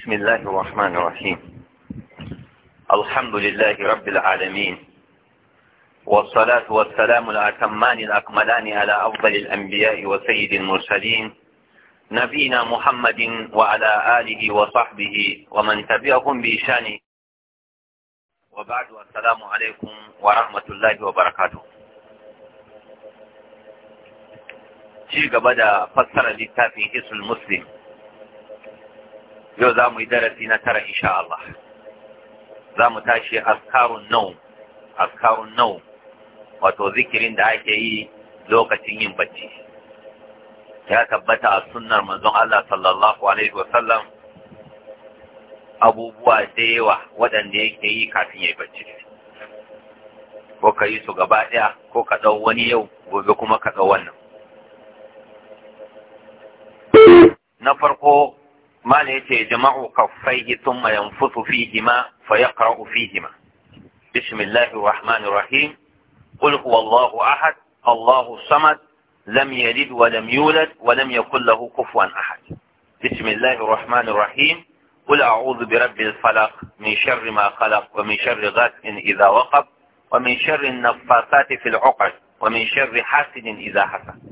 بسم الله الرحمن الرحيم الحمد لله رب العالمين والصلاة والسلام الأتمان الأكملان على أفضل الأنبياء وسيد المرسلين نبينا محمد وعلى آله وصحبه ومن تبعهم بإشانه وبعد السلام عليكم ورحمة الله وبركاته ci بدأ فسر fassara المسلم yau za mu yi darasi na tara insha Allah za mu tashi askarun nau askarun nau wato zikirin da ake yi lokacin yin bacci ya tabbata a sunnar manzon Allah sallallahu alaihi wasallam abubuwa da yawa waɗanda yake yi kafin ya yi bacci ko ka yi su gaba ɗaya ko ka ɗau wani yau gobe kuma ka ɗau wannan na farko ما ليتي يجمع كفيه ثم ينفث فيهما فيقرأ فيهما بسم الله الرحمن الرحيم قل هو الله أحد الله الصمد لم يلد ولم يولد ولم يكن له كفوا أحد بسم الله الرحمن الرحيم قل أعوذ برب الفلق من شر ما خلق ومن شر غاسق إذا وقب ومن شر النفاثات في العقد ومن شر حاسد إذا حسد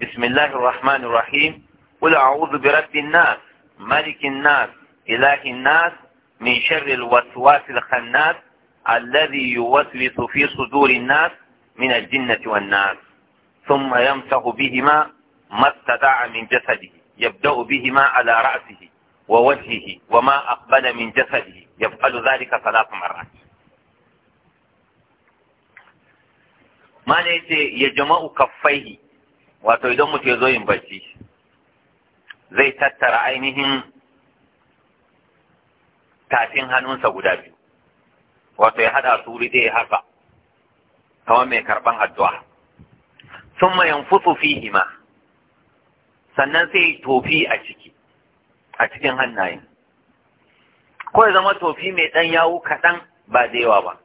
بسم الله الرحمن الرحيم قل أعوذ برب الناس ملك الناس إله الناس من شر الوسواس الخناس الذي يوسوس في صدور الناس من الجنة والناس ثم يمسح بهما ما استدعى من جسده يبدأ بهما على رأسه ووجهه وما أقبل من جسده يفعل ذلك ثلاث مرات ما نيتي يجمع كفيه wato idan mutu ya zai tattara ainihin tafin hannunsa guda biyu wato ya haɗa su wuri ya haka, kamar mai karɓan addu'a sun mayan fusu fi sannan sai yi tofi a ciki a cikin hannayen ko ya zama tofi mai ɗan yawu kaɗan ba da yawa ba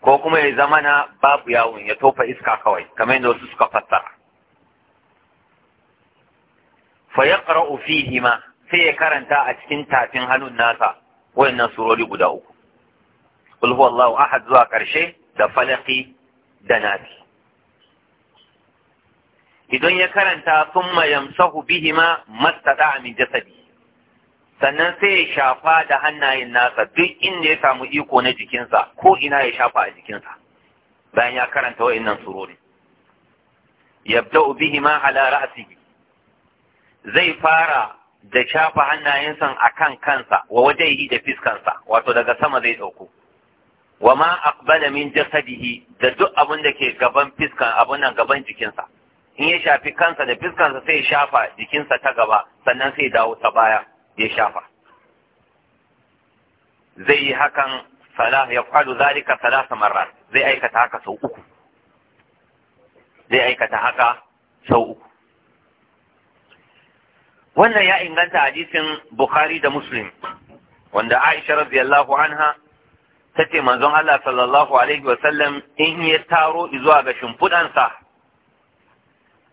ko kuma ya zama na babu yawon ya tofa iska kawai kamar yadda wasu suka fassara fa yaqra'u fihima sai ya karanta a cikin tafin hannun nasa wayannan surori guda uku qul huwallahu ahad zuwa karshe da falaqi da nasi idan ya karanta thumma yamsahu bihima mastata'a min jasadi sannan sai ya shafa da hannayen nasa duk inda ya samu iko na jikinsa ko ina ya shafa a jikinsa bayan ya karanta wayannan surori yabda'u bihima ala ra'sihi zai fara da shafa hannayensa a kan kansa wa yi da fiskansa wato daga sama zai ɗauko wa ma aqbala min jasadihi da duk abin da ke gaban fiskan abin nan gaban jikinsa in ya shafi kansa da fiskansa sai ya shafa jikinsa ta gaba sannan sai dawo ta baya ya shafa zai yi hakan salah ya kwalu zalika salasa marra zai aikata haka sau uku zai aikata haka sau uku wannan ya inganta hadisin bukhari da muslim wanda aisha radiyallahu anha ta ce manzon Allah sallallahu alaihi wasallam in ya taro zuwa ga shimfiɗansa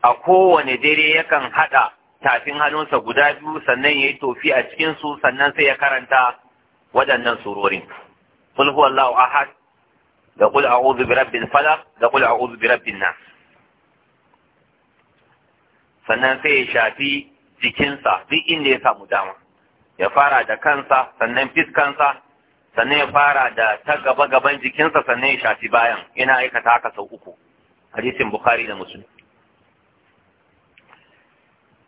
a kowane dare yakan haɗa tafin hannunsa guda biyu sannan ya yi tofi a cikinsu sannan sai ya karanta waɗannan surorin قل هو الله أحد da قل أعوذ برب الفلق da قل أعوذ برب Nas, sannan sai ya shafi jikinsa duk inda ya samu dama ya fara da kansa sannan fiskansa sannan ya fara da ta gaba gaban jikinsa sannan ya shafi bayan ina aikata haka sau uku hadisin bukhari da Musulmi.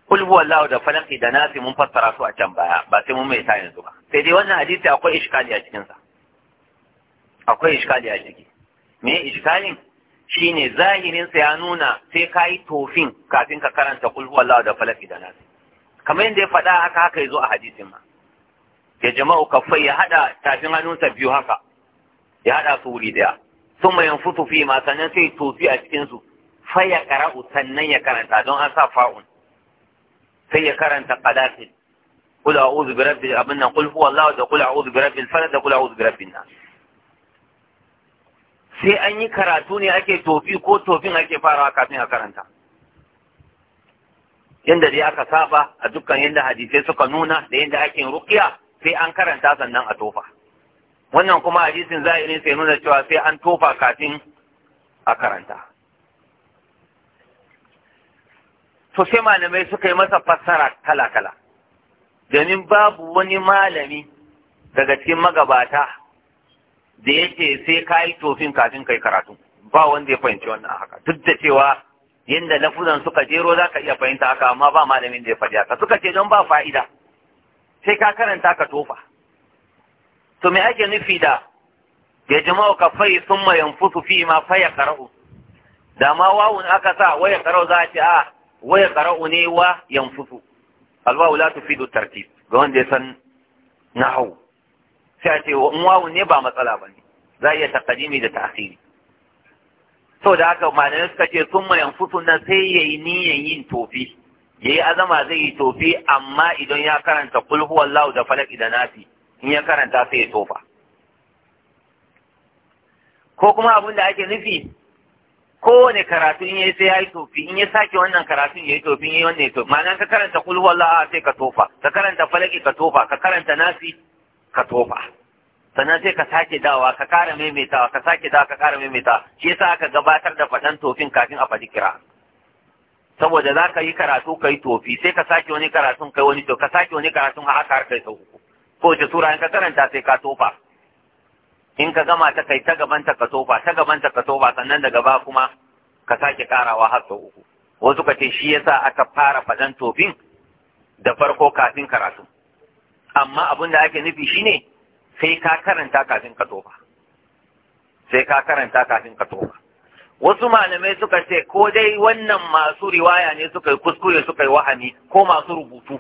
kul huwallahu da falaki da nasi mun fassara su a can baya ba sai mun mai ta yanzu ba sai dai wannan hadisi akwai iskali a cikin sa akwai iskali a ciki me iskalin shine zahirin sa ya nuna sai kai tofin kafin ka karanta kul huwallahu da falaki da nasi kamar yadda ya faɗa haka haka ya zo a hadisin ma ya jama'u kaffai ya haɗa tafin hannunsa biyu haka ya haɗa su wuri ɗaya sun mai yanfutu fi ma sannan sai tofi a cikinsu fai ya ƙara'u sannan ya karanta don an sa fa'un sai ya karanta Kula a uzu birabbin abin nan, هو Allah da kula a uzu birabbin الفلد da kula a uzu birabbin nan. sai an yi karatu ne ake tofi ko tofin ake farawa kafin a karanta yanda dai aka saba a dukkan yadda hadisai suka nuna da yadda ake rukiya sai an karanta sannan a tofa wannan kuma hadisin zahirin sai nuna cewa sai an tofa kafin a karanta to sai malamai suka yi masa fassara kala-kala domin babu wani malami daga cikin magabata da yake sai ka yi tofin kafin kai karatu ba wanda ya fahimci wannan haka duk da cewa yanda lafuzan suka jero za ka iya fahimta haka amma ba malamin da ya faɗi haka suka ce don ba fa'ida sai ka karanta ka tofa to me ake nufi da ya jama'u ka fai sun ma yanfusu fi ma ya karau da ma wawu ne aka sa waya karau za a ce a ah, waya karau ne wa yanfusu alwawu la tufidu tartib ga wanda ya san nahau sai a ce in wawu ne ba matsala ba ne za a iya takadimi da ta'khiri saboda haka malamai suka ce sun mayan yanfusu na sai ya yi niyan yin tofi ya yi azama zai yi tofi amma idan ya karanta kulhu wallahu da falak da nasi in ya karanta sai ya tofa ko kuma abin da ake nufi kowane karatu in ya yi sai ya yi tofi in ya sake wannan karatu ya yi tofi in yi wannan tofi ma'ana ka karanta kulhu wallahu sai ka tofa ka karanta falaki ka tofa ka karanta nasi ka tofa sannan sai ka sake dawa ka kara maimaitawa ka sake dawa ka kara maimaitawa shi yasa aka gabatar da faɗan tofin kafin a faɗi kira saboda za ka yi karatu ka yi tofi sai ka sake wani karatun kai wani to ka sake wani karatun a haka har kai sau uku ko wace sura in ka karanta sai ka tofa in ka gama ta kai ta gaban ta ka tofa ta gaban ta ka tofa sannan daga ba kuma ka sake karawa har sau uku wasu ka ce shi yasa aka fara faɗan tofin da farko kafin karatu amma abin da ake nufi shine sai ka karanta kafin ka tofa sai ka karanta kafin ka tofa wasu malamai suka ce ko dai wannan masu riwaya ne suka yi kuskure suka yi wahami ko masu rubutu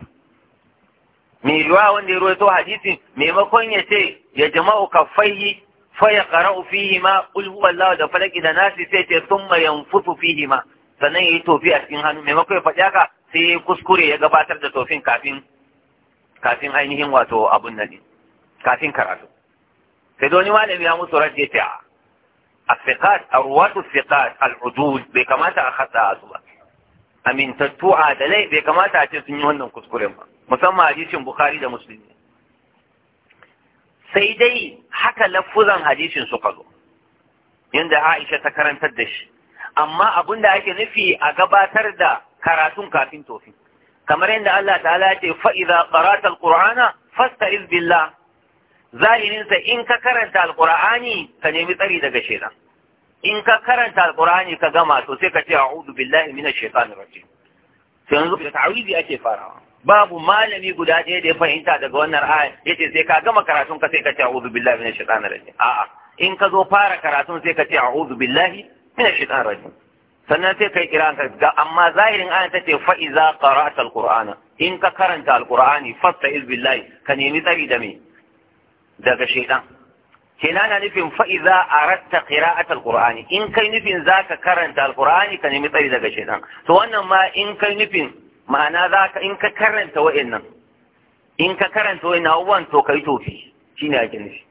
mai riwaya wanda ya rawaito hadisi maimakon ya ce ya jama'u ka fayi ya qara'u fihi ma qul da falaki da nasi sai ce mayan yanfutu fihi ma sannan ya yi tofi a cikin hannu maimakon ya faɗi haka sai ya kuskure ya gabatar da tofin kafin ainihin wato abun nan kafin karatu sai da wani malami ya musu rage ta a asiqat arwatu asiqat bai kamata a hada su ba amin a adalai bai kamata a ce sun yi wannan kuskuren ba musamman hadisin bukhari da muslimi sai dai haka lafuzan hadisin suka zo yanda Aisha ta karantar da shi amma abin da ake nufi a gabatar da karatun kafin tofi kamar yadda Allah ta ce fa iza qara'ta al-qur'ana zahirinsa in ka karanta alqur'ani ka nemi tsari daga shaitan in ka karanta alqur'ani ka gama to sai ka ce a'udhu billahi minash shaitanir rajim sai yanzu da ta'awizi ake farawa babu malami guda ɗaya da ya fahimta daga wannan aya yace sai ka gama karatun ka sai ka ce a'udhu billahi minash shaitanir rajim a'a in ka zo fara karatun sai ka ce a'udhu billahi minash shaitanir rajim sannan sai kai kira ka amma zahirin ayan tace fa iza qara'ta alqur'ana in ka karanta alqur'ani fasta'iz billahi ka nemi tsari da me daga shaidan kenan na nufin fa'iza a ratta qira'at alqur'ani in kai nufin zaka karanta alqur'ani ka nemi tsari daga shaidan to wannan ma in kai nufin ma'ana zaka in ka karanta wa'annan in ka karanta wa'annan abubuwan to kai tofi shine ake nufi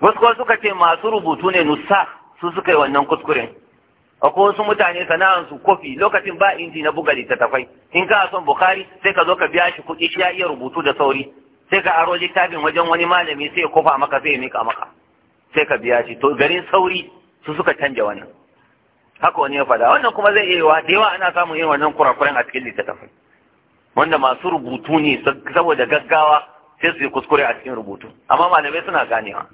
wasu kuma suka ce masu rubutu ne nusa su suka yi wannan kuskuren akwai wasu mutane sana'ar su kofi lokacin ba inji na buga littattafai in ka son bukari sai ka zo ka biya shi kuɗi shi ya iya rubutu da sauri sai ka aro littafin wajen wani malami sai ya kofa maka sai ya mika maka sai ka biya shi to garin sauri su suka canja wannan haka wani ya fada wannan kuma zai iya da yawa ana samun yin wannan kurakuren a cikin littattafai wanda masu rubutu ne saboda gaggawa sai su yi kuskure a cikin rubutu amma malamai suna ganewa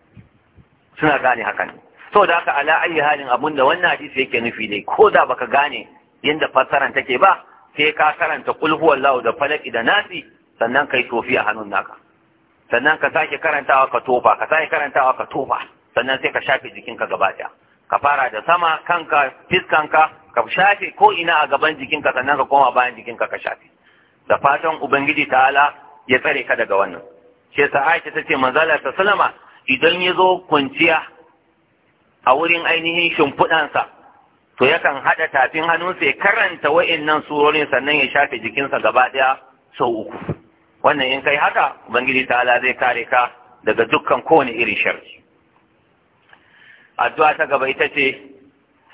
suna gane haka ne saboda haka ala ayi halin abun da wannan hadisi yake nufi dai, ko da baka gane yadda fassaran take ba sai ka karanta kul huwallahu da falaki da nasi sannan kai tofi a hannun naka sannan ka sake karantawa ka tofa ka sake karantawa ka tofa sannan sai ka shafe jikinka gaba ɗaya ka fara da sama kanka fiskanka ka shafe ko ina a gaban jikinka sannan ka koma bayan jikinka ka shafe da fatan ubangiji ta'ala ya tsare ka daga wannan shi yasa Aisha tace manzala ta salama idan ya zo kwanciya a wurin ainihin shimfiɗansa to yakan haɗa tafin hannunsa ya karanta wa'innan surorin sannan ya shafe jikinsa gaba ɗaya sau uku wannan in kai haka ubangiji ta ala zai kare ka daga dukkan kowane irin sharci addu'a ta gaba ita ce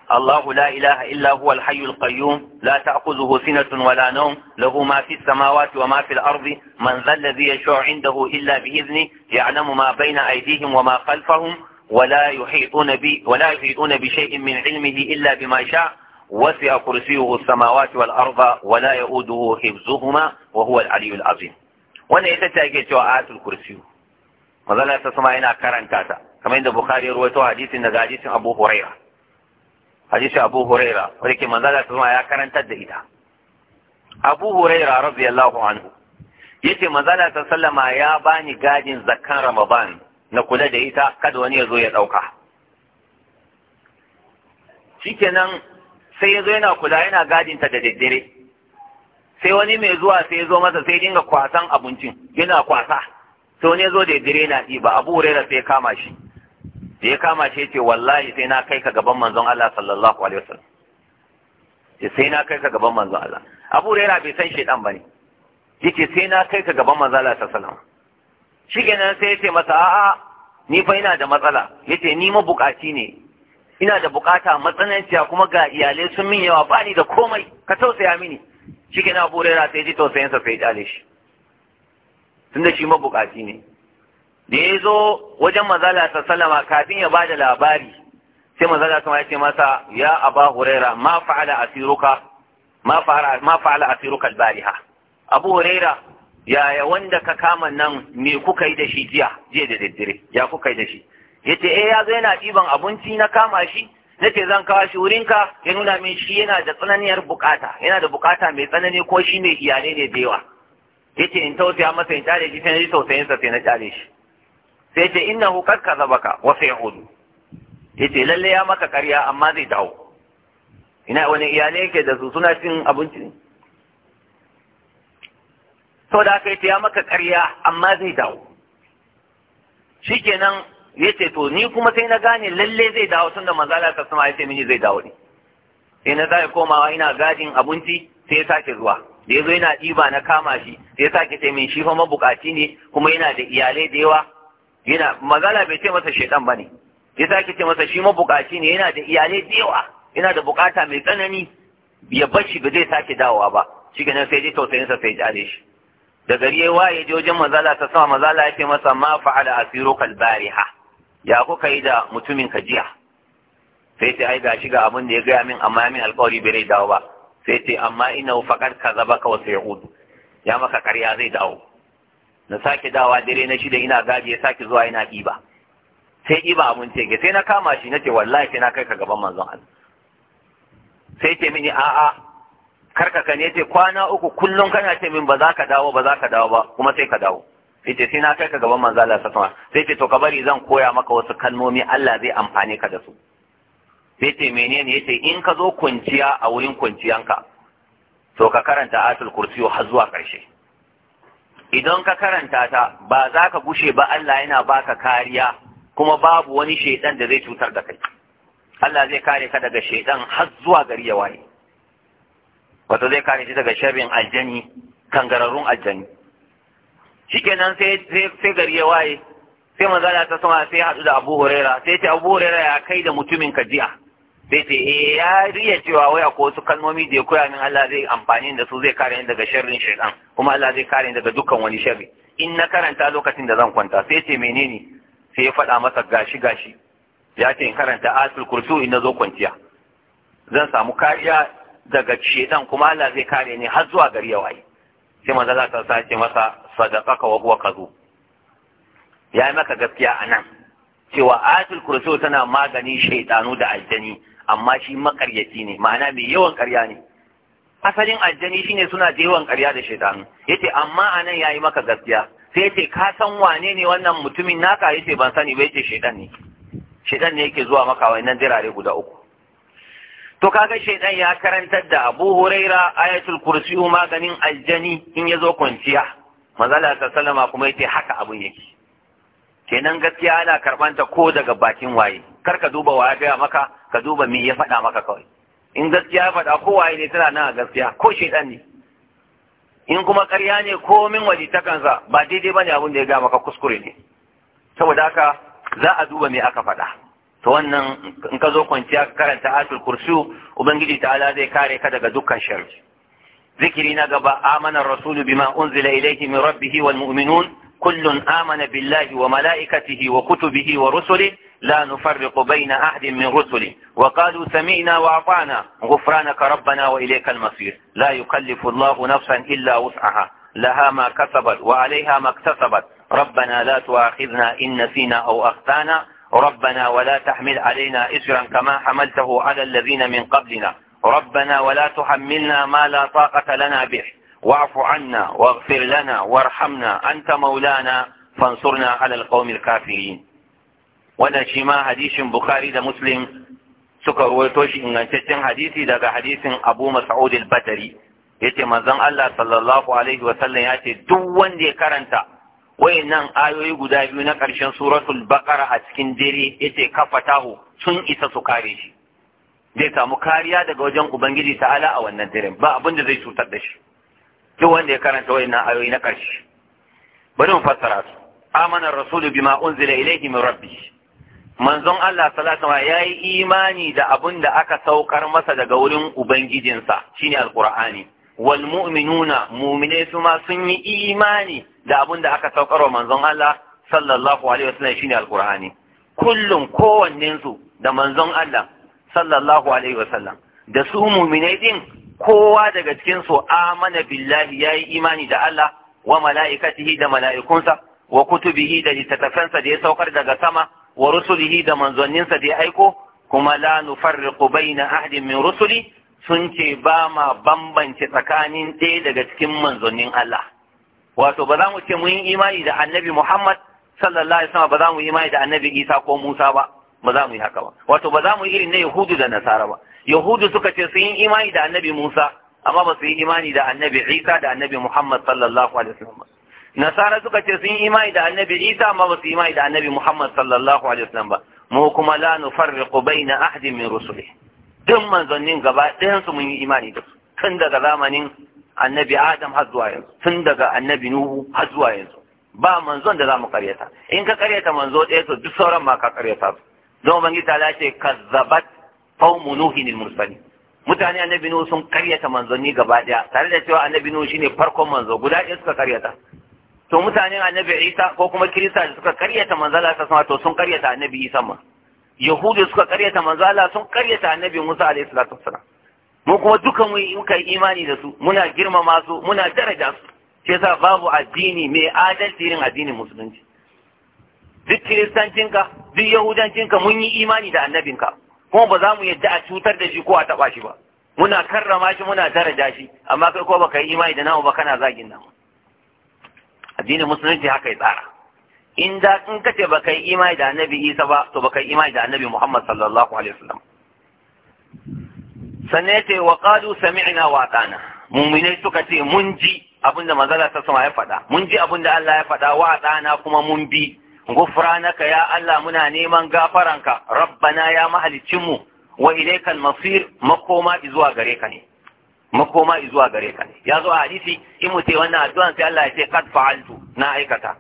Allahu la ilaha illa huwa al-hayy al-qayyum la ta'khudhuhu sinatun wa la nawm lahu ma fi as-samawati wa ma fi al-ardi man dhal ladhi yashaa'u 'indahu illa bi idhni ya'lamu ma bayna aydihim wa ma khalfahum wa la yuhituna bi wa la yuhituna bi shay'in min 'ilmihi illa bima shaa'a وسع كرسيه السماوات والأرض ولا يؤوده حفظهما وهو العلي العظيم wannan ita ce ake cewa ayatul kursi mazala ta sama yana karanta ta kamar yadda bukhari ya rawaito hadisin daga hadisin abu huraira hadisin abu huraira wanda ke manzala ta sama ya karantar da ita abu huraira radiyallahu anhu yace manzala ta sallama ya bani gadin zakkan ramadan na kula da ita kada wani ya zo ya dauka shikenan sai ya zo yana kula yana gadinta da daddare sai wani mai zuwa sai zo masa sai dinga kwasan abincin yana kwasa sai wani zo da dire na ɗi ba abu huraira sai kama shi da ya kama shi ce wallahi sai na kai ka gaban manzon Allah sallallahu alaihi wasallam sai na kai ka gaban manzon Allah abu huraira bai san shedan bane yace sai na kai ka gaban manzon Allah sallallahu alaihi wasallam shikenan sai ya ce masa a'a ni fa ina da matsala yace ni bukaci ne ina da bukata matsananciya kuma ga iyalai sun min yawa ba ni da komai ka tausaya mini shi ke na burera sai ji tausayin sa sai ya shi Tun da shi mabukaci ne da ya zo wajen mazala ta salama kafin ya bada labari sai mazala ta ce masa ya aba huraira ma fa'ala asiruka ma fa'ala asiruka albariha abu huraira yaya wanda ka kama nan me kuka yi da shi jiya jiya da daddare ya kuka yi da shi yace eh ya zo yana ɗiban abinci na kama shi na ce zan kawo shi wurinka ya nuna min shi yana da tsananiyar bukata yana da bukata mai tsanani ko shi mai iyalai ne da yawa ya ce in tausaya masa in tare shi sai na ji tausayinsa sai na tare shi sai ce inna hu kar kazabaka wa sai hudu ya ce lalle ya maka karya amma zai dawo ina wani iyalai yake da su suna cin abinci sau da aka yi ya maka karya amma zai dawo shikenan ce to ni kuma sai na gane lalle zai dawo tunda manzo Allah ta sama ce mini zai dawo ne sai na zai komawa ina gadin abinci sai ya sake zuwa da yazo yana diba na kama shi sai ya sake ce min shi fa mabukaci ne kuma yana da iyalai da yawa yana magana bai ce masa shedan bane ya sake ce masa shi mabukaci ne yana da iyalai da yawa yana da bukata mai tsanani ya bashi ba zai sake dawowa ba shi ganin sai tausayin sa sai jare shi da gari ya waye je wajen mazala ta sama mazala ya ce masa ma fa'ala asiru kal bariha ya kuka yi da mutumin ka jiya sai ce ai gashi ga abin da ya gaya min amma min alkawari bai dawo ba sai ce amma ina fakar ka zaba ka wasu yahudu ya maka karya zai dawo na sake dawa dare na shida ina gaji ya sake zuwa ina ɗiba sai ɗiba abin ke sai na kama shi na ce wallahi sai na kai ka gaban manzon Allah sai ce mini a'a karkaka ka ne ce kwana uku kullum kana ce min ba za ka dawo ba za ka dawo ba kuma sai ka dawo fice sai na kai ka gaban manzo Allah sai kuma sai ce to ka bari zan koya maka wasu kalmomi Allah zai amfane ka da su sai ce menene yace in ka zo kwanciya a wurin kwanciyanka to ka karanta atul kursi har zuwa karshe idan ka karanta ta ba za ka gushe ba Allah yana baka kariya kuma babu wani shaidan da zai cutar da kai Allah zai kare ka daga shaidan har zuwa gari ya waye wato zai kare shi daga sharrin aljani kangararrun aljani shikenan sai sai gari ya waye sai manzala ta sama sai haɗu da Abu Huraira sai ce Abu Huraira ya kai da mutumin ka jiya sai ce eh ya riya cewa wai ko su kalmomi da ya koya min Allah zai amfani da su zai kare ni daga sharrin shaytan kuma Allah zai kare ni daga dukkan wani sharri in na karanta lokacin da zan kwanta sai ce menene sai ya faɗa masa gashi gashi ya ce in karanta asul kursu in na zo kwanciya zan samu kariya daga shaytan kuma Allah zai kare ni har zuwa gari ya waye sai manzo ta sace masa sadaqaka wa huwa kadhub ya yi maka gaskiya a nan cewa ayatul kursi tana magani shaitanu da aljani amma shi makaryaci ne ma'ana mai yawan karya ne asalin aljani shine suna da yawan karya da shaitanu yace amma a nan ya yi maka gaskiya sai yace ka san wane ne wannan mutumin naka yace ban sani ba yace shaitan ne shaitan ne yake zuwa maka wannan dirare guda uku to kaga shaitan ya karantar da Abu Huraira ayatul kursi maganin aljani in ya zo kwanciya manzala ta sallama kuma yace haka abun yake kenan gaskiya ana karban ta ko daga bakin waye kar ka duba waye ga maka ka duba me ya faɗa maka kawai in gaskiya ya faɗa ko waye ne tana nan a gaskiya ko shedan ne in kuma ƙarya ne ko min waje ta kansa ba daidai bane abun da ya ga maka kuskure ne saboda haka za a duba me aka faɗa to wannan in ka zo kwanciya ka karanta atul kursu ubangiji ta'ala zai kare ka daga dukkan sharri ذكر نقب آمن الرسول بما أنزل إليه من ربه والمؤمنون كل آمن بالله وملائكته وكتبه ورسله لا نفرق بين أحد من رسله وقالوا سمعنا وأعطانا غفرانك ربنا وإليك المصير لا يكلف الله نفسا إلا وسعها لها ما كسبت وعليها ما اكتسبت ربنا لا تؤاخذنا إن نسينا أو أخطانا ربنا ولا تحمل علينا إسرا كما حملته على الذين من قبلنا ربنا ولا تحملنا ما لا طاقة لنا به واعف عنا واغفر لنا وارحمنا أنت مولانا فانصرنا على القوم الكافرين wannan shi ma hadishin bukhari da muslim suka ruwaito shi ingantaccen hadisi daga hadisin abu mas'ud al-badri yace manzon Allah sallallahu alaihi wa sallam yace duk wanda ya karanta wayannan ayoyi guda biyu na ƙarshen suratul baqara a cikin dare yace kafatahu sun isa su kare shi zai samu kariya daga wajen ubangiji ta'ala a wannan dare. ba abin da zai cutar da shi duk wanda ya karanta wayannan ayoyi na ƙarshe bari mu fassara su amana rasulu bima unzila ilayhi min rabbi manzon Allah sallallahu alaihi yayi imani da abin da aka saukar masa daga wurin ubangijinsa shine alqur'ani wal mu'minuna mu'mine su ma sun yi imani da abin da aka saukar wa manzon Allah sallallahu alaihi wasallam shine alqur'ani kullum kowannen su da manzon Allah sallallahu alaihi wasallam da su mu'minai din kowa daga cikin su amana billahi yayi imani da Allah wa mala'ikatihi da mala'ikunsa wa kutubihi da littattafansa da ya saukar daga sama wa rusulihi da manzanninsa da ya aiko kuma la nufarriqu baina ahadin min rusuli sun ce ba ma bambance tsakanin ɗaya daga cikin manzannin Allah wato ba za mu ce mu yi imani da annabi Muhammad sallallahu alaihi wasallam ba za mu yi imani da annabi Isa ko Musa ba ba za mu yi haka ba wato ba za mu yi irin na yahudu da nasara ba yahudu suka ce sun yi imani da annabi musa amma ba su yi imani da annabi isa da annabi muhammad sallallahu alaihi wasallam nasara suka ce sun yi imani da annabi isa amma ba su yi imani da annabi muhammad sallallahu alaihi wasallam ba mu kuma la nufarriqu baina ahadin min rusulihi duk manzannin gaba ɗayan su mun yi imani da su tun daga zamanin annabi adam har zuwa yanzu tun daga annabi nuhu har zuwa yanzu ba manzon da za mu karyata in ka karyata manzo ɗaya to duk sauran ma ka karyata su don bangi ta lace kazzabat qaumu nuhin al-mursalin mutane annabi nuhu sun karyata manzanni gaba daya tare da cewa annabi nuhu shine farkon manzo guda ɗaya suka karyata to mutanen annabi Isa ko kuma Kirista da suka karyata manzo ta sama to sun karyata annabi Isa ma Yahudu suka karyata manzo Allah sun karyata annabi Musa alaihi salatu wassalam mu kuma duka mu muka yi imani da su muna girmama su muna daraja su Ke sa babu addini mai adalci irin addinin musulunci duk kiristancinka duk yahudancinka mun yi imani da annabinka kuma ba za mu yadda a cutar da shi ko a taɓa shi ba muna karrama shi muna daraja shi amma kai ko baka yi imani da namu ba kana zagin namu addinin musulunci haka ya tsara in da in ka ba baka yi imani da annabi Isa ba to baka yi imani da annabi Muhammad sallallahu alaihi wasallam sanne ce wa qalu sami'na wa atana mu'minai suka ce mun ji abinda manzala ta sama ya faɗa mun ji abinda Allah ya faɗa wa atana kuma mun bi غفرانك يا الله منا نيمان غفرانك ربنا يا مهلكينmu wa ilaikal masir makoma zuwa gare ka ne makoma gare ka ya zo a hadisi in mu ce wannan addu'an sai Allah ya na aikata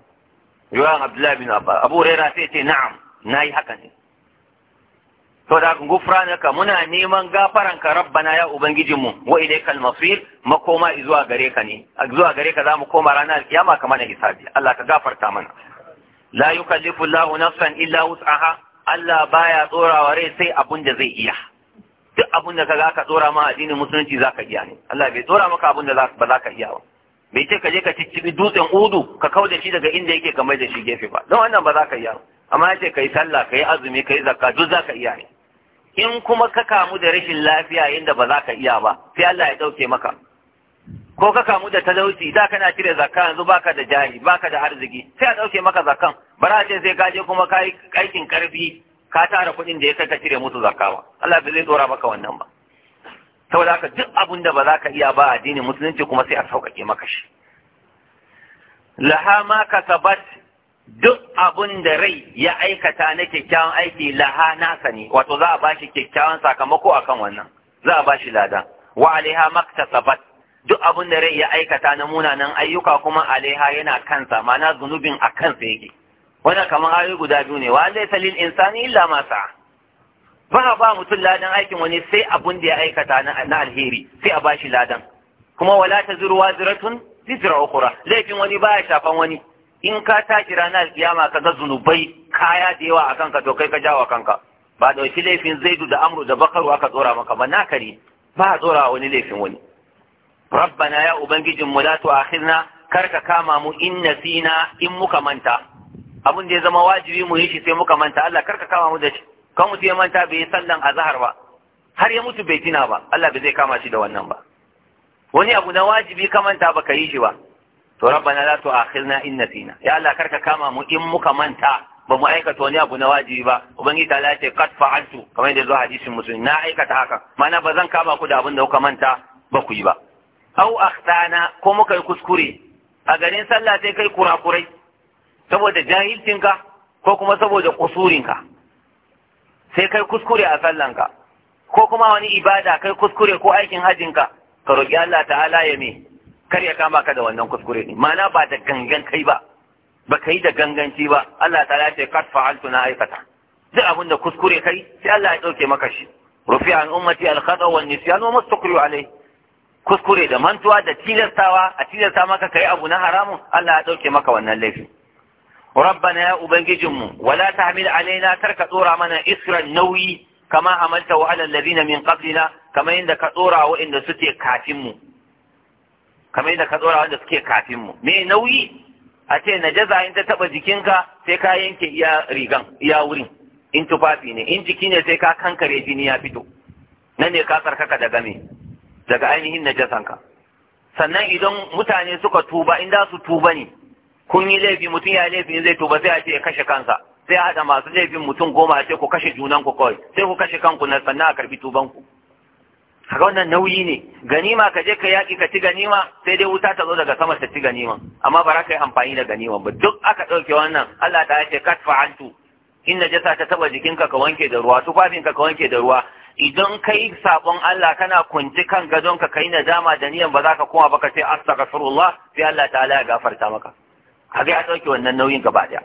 yawan Abdullah bin Abbas Abu ce na'am nayi haka ne to da gufranaka muna neman gafaran ka rabbana ya ubangijin mu wa ilaikal masir makoma zuwa gare ka ne zuwa gare ka zamu koma ranar kiyama kamar hisabi Allah ka gafarta mana la yukallifu Allahu nafsan illa wus'aha Allah baya tsorawa rai sai abun da zai iya duk abun da kaga ka tsora ma addinin musulunci zaka iya ne Allah bai tsora maka abun da ba za ka iya ba bai ce ka je ka ciccibi dutsen udu ka da shi daga inda yake mai da shi gefe ba don wannan ba za ka iya ba amma yace kai sallah kai azumi kai zakka duk za ka iya ne in kuma ka kamu da rashin lafiya inda ba za ka iya ba sai Allah ya dauke maka ko ka kamu da talauci da kana cire zakka yanzu baka da jari baka da arziki sai a dauke maka zakkan bara ce sai kaje kuma kai aikin karfi ka tara kuɗin da ya kai ka cire musu zakka ba Allah bai zai dora maka wannan ba saboda haka duk abin da ba za ka iya ba addinin musulunci kuma sai a sauƙaƙe maka shi laha ma kasabat duk abun da rai ya aikata na kyakkyawan aiki laha nasa ne wato za a bashi kyakkyawan sakamako akan wannan za a bashi lada wa alaiha maktasabat duk abin da rai ya aikata na munanan ayyuka kuma alaiha yana kansa mana zunubin a kansa yake wannan kamar ayoyi guda biyu ne wa laisa lil insani illa ma sa'a ba ba mutum ladan aikin wani sai abin da ya aikata na alheri sai a bashi ladan kuma wala taziru waziratun zizra ukura laifin wani baya shafan wani in ka tashi ranar alkiyama ka ga zunubai kaya da yawa akan ka to kai ka jawo kanka ba dauki laifin zaidu da amru da bakaru aka tsora maka ba na kare ba a tsora wani laifin wani rabbana ya ubangijin mu la tu'akhirna kar ka kama mu in nasina in muka manta abin da ya zama wajibi mu yi shi sai muka manta Allah kar ka kama mu da shi kan mutum ya manta bai yi sallan azhar ba har ya mutu bai tina ba Allah bai zai kama shi da wannan ba wani abu na wajibi ka manta baka yi shi ba to rabbana la tu'akhirna in nasina ya Allah kar ka kama mu in muka manta ba mu aikata wani abu na wajibi ba ubangiji ta lace kat fa'altu kamar yadda zuwa hadisin musulmi na aikata haka mana ba zan kama ku da abin da kuka manta ba ku yi ba au akhtana ko muka yi kuskure a garin sallah sai kai kurakurai saboda jahilcinka ko kuma saboda kusurinka sai kai kuskure a sallanka ko kuma wani ibada kai kuskure ko aikin hajinka ka roƙi Allah ta'ala ya me kar ya kama ka da wannan kuskure ne ma'ana ba da gangan kai ba ba ka yi da ganganci ba Allah ta ce kat fa'altu na aikata duk abin da kuskure kai sai Allah ya dauke maka shi rufi an ummati al khata wa nisyan wa mustaqru alayhi kuskure da mantuwa da tilastawa a tilasta maka kai abu na haramun Allah ya dauke maka wannan laifi rabbana ya ubangijinmu wala tahmil alaina karka tsora mana isran nauyi kama amalta wa alal ladina min qablina kama inda ka tsora wa inda suke kafin mu kama inda ka tsora wanda suke kafin mu me nauyi a ce na in ta taba jikinka sai ka yanke iya rigan iya wurin in tufafi ne in jiki ne sai ka kankare jini ya fito nan ne ka sarkaka daga me daga ainihin najasanka sannan idan mutane suka tuba in da su tuba ne kun yi laifi mutum ya laifi zai tuba sai a ce ya kashe kansa sai haɗa masu laifin mutum goma a ce ku kashe junanku kawai sai ku kashe kanku na sannan a karbi tubanku kaga wannan nauyi ne ganima ka je ka yaƙi ka ci ganima sai dai wuta ta zo daga sama ta ci ganima amma ba za ka yi amfani da ganima ba duk aka ɗauke wannan Allah ta ce kat fa'antu in najasa ta taba jikinka ka wanke da ruwa tufafinka ka wanke da ruwa idan kai sabon Allah kana kunci kan gadonka kai na dama da niyan ba za ka koma ba ka sai astaghfirullah sai Allah ta'ala ya gafarta maka kaga ya dauke wannan nauyin gaba daya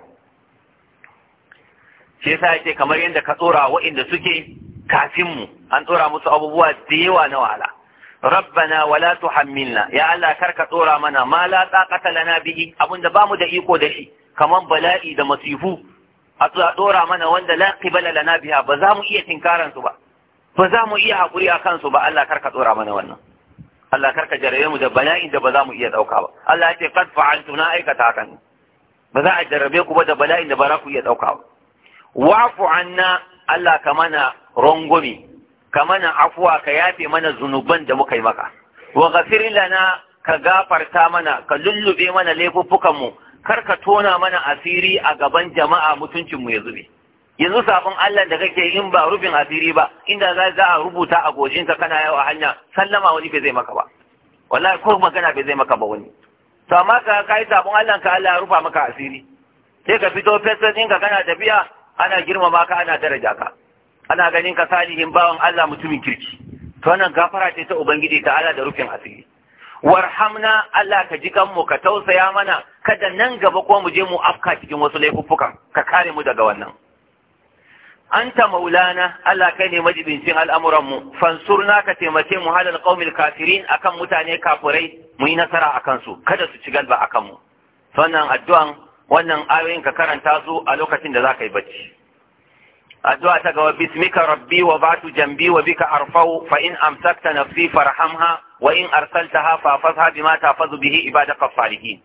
shi yasa yake kamar yadda ka tsora wa'inda suke kafin mu an tsora musu abubuwa da yawa na wahala rabbana wala tuhammilna ya Allah kar ka tsora mana ma la taqata lana bihi abinda bamu da iko da shi kaman bala'i da masifu a tsora mana wanda la qibala lana biha ba za mu iya tinkaran su ba ba za mu iya haƙuri a kansu ba Allah karka tsora mana wannan Allah karka jarabe mu da bala'in da ba za mu iya ɗauka ba Allah ya ce qad fa'antu na aikata hakan ba za a jarabe ku ba da bala'in da ba za ku iya ɗauka ba wa'fu anna Allah ka mana rongomi ka mana afuwa ka yafe mana zunuban da muka yi maka wa ghafir lana ka gafarta mana ka lullube mana laifuffukan mu kar ka tona mana asiri a gaban jama'a mutuncin mu ya zube yanzu sabon Allah da kake in ba rufin asiri ba inda za a rubuta a gojinka kana yau a hanya sallama wani bai zai maka ba wallahi ko magana bai zai maka ba wani to amma ka kai sabon Allah ka Allah ya rufa maka asiri sai ka fito fesan ka kana tafiya ana girmama ka ana daraja ka ana ganin ka salihin bawan Allah mutumin kirki to wannan gafara ce ta ubangiji ta Allah da rufin asiri warhamna Allah ka ji kanmu ka tausaya mana kada nan gaba ko mu je mu afka cikin wasu laifuffukan ka kare mu daga wannan anta maulana Allah kai ne majibincin al'amuran mu fansurna ka taimake mu halal qaumil kafirin akan mutane kafirai mu yi nasara a kansu. kada su ci galba a kanmu. sannan addu'an wannan ayoyin ka karanta su a lokacin da ka yi bacci addu'a ta gaba bismika rabbi wa batu jambi wa bika arfau fa in amsakta nafsi farhamha wa in arsaltaha fafazha bima tafazu bihi ibadaka salihin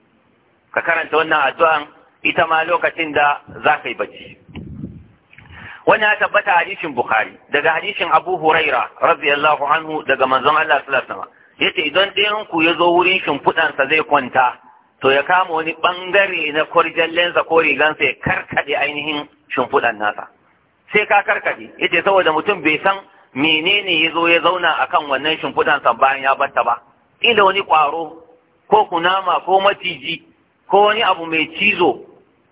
ka karanta wannan addu'an ita ma lokacin da ka yi bacci Wani ya tabbata a hadisin bukhari daga hadisin abu huraira radiyallahu anhu daga manzon Allah sallallahu alaihi wasallam yace idan ɗayan ku ya zo wurin shimfiɗansa zai kwanta to ya kama wani ɓangare na kwarjallensa ko rigansa ya karkaɗe ainihin shimfiɗan nasa sai ka karkaɗe yace saboda mutum bai san menene ya zo ya zauna akan wannan shimfiɗansa bayan ya batta ba ila wani kwaro, ko kunama ko maciji ko wani abu mai cizo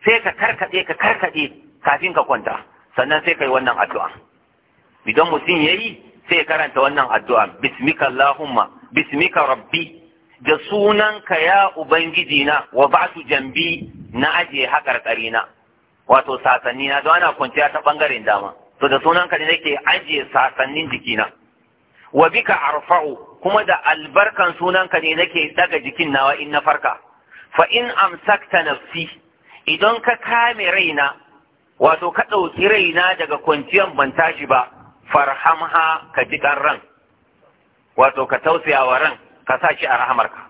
sai ka karkaɗe ka karkaɗe kafin ka kwanta sannan sai kai wannan addu'a idan mutum yayi sai ya karanta wannan addu'a bismika allahumma bismika rabbi da sunanka ya ubangiji na wa ba'tu jambi na ajiye haƙarƙari na wato sasanni na don ana kwanciya ta bangaren dama to da sunanka ne nake ajiye sasannin jikina wa bika arfa'u kuma da albarkan sunanka ne nake daga jikin nawa in na farka fa in amsakta nafsi idan ka kame raina wato ka ɗauki raina daga kwanciyar ban tashi ba farhamha ka ji ran wato ka tausaya wa ran ka sa shi a rahamarka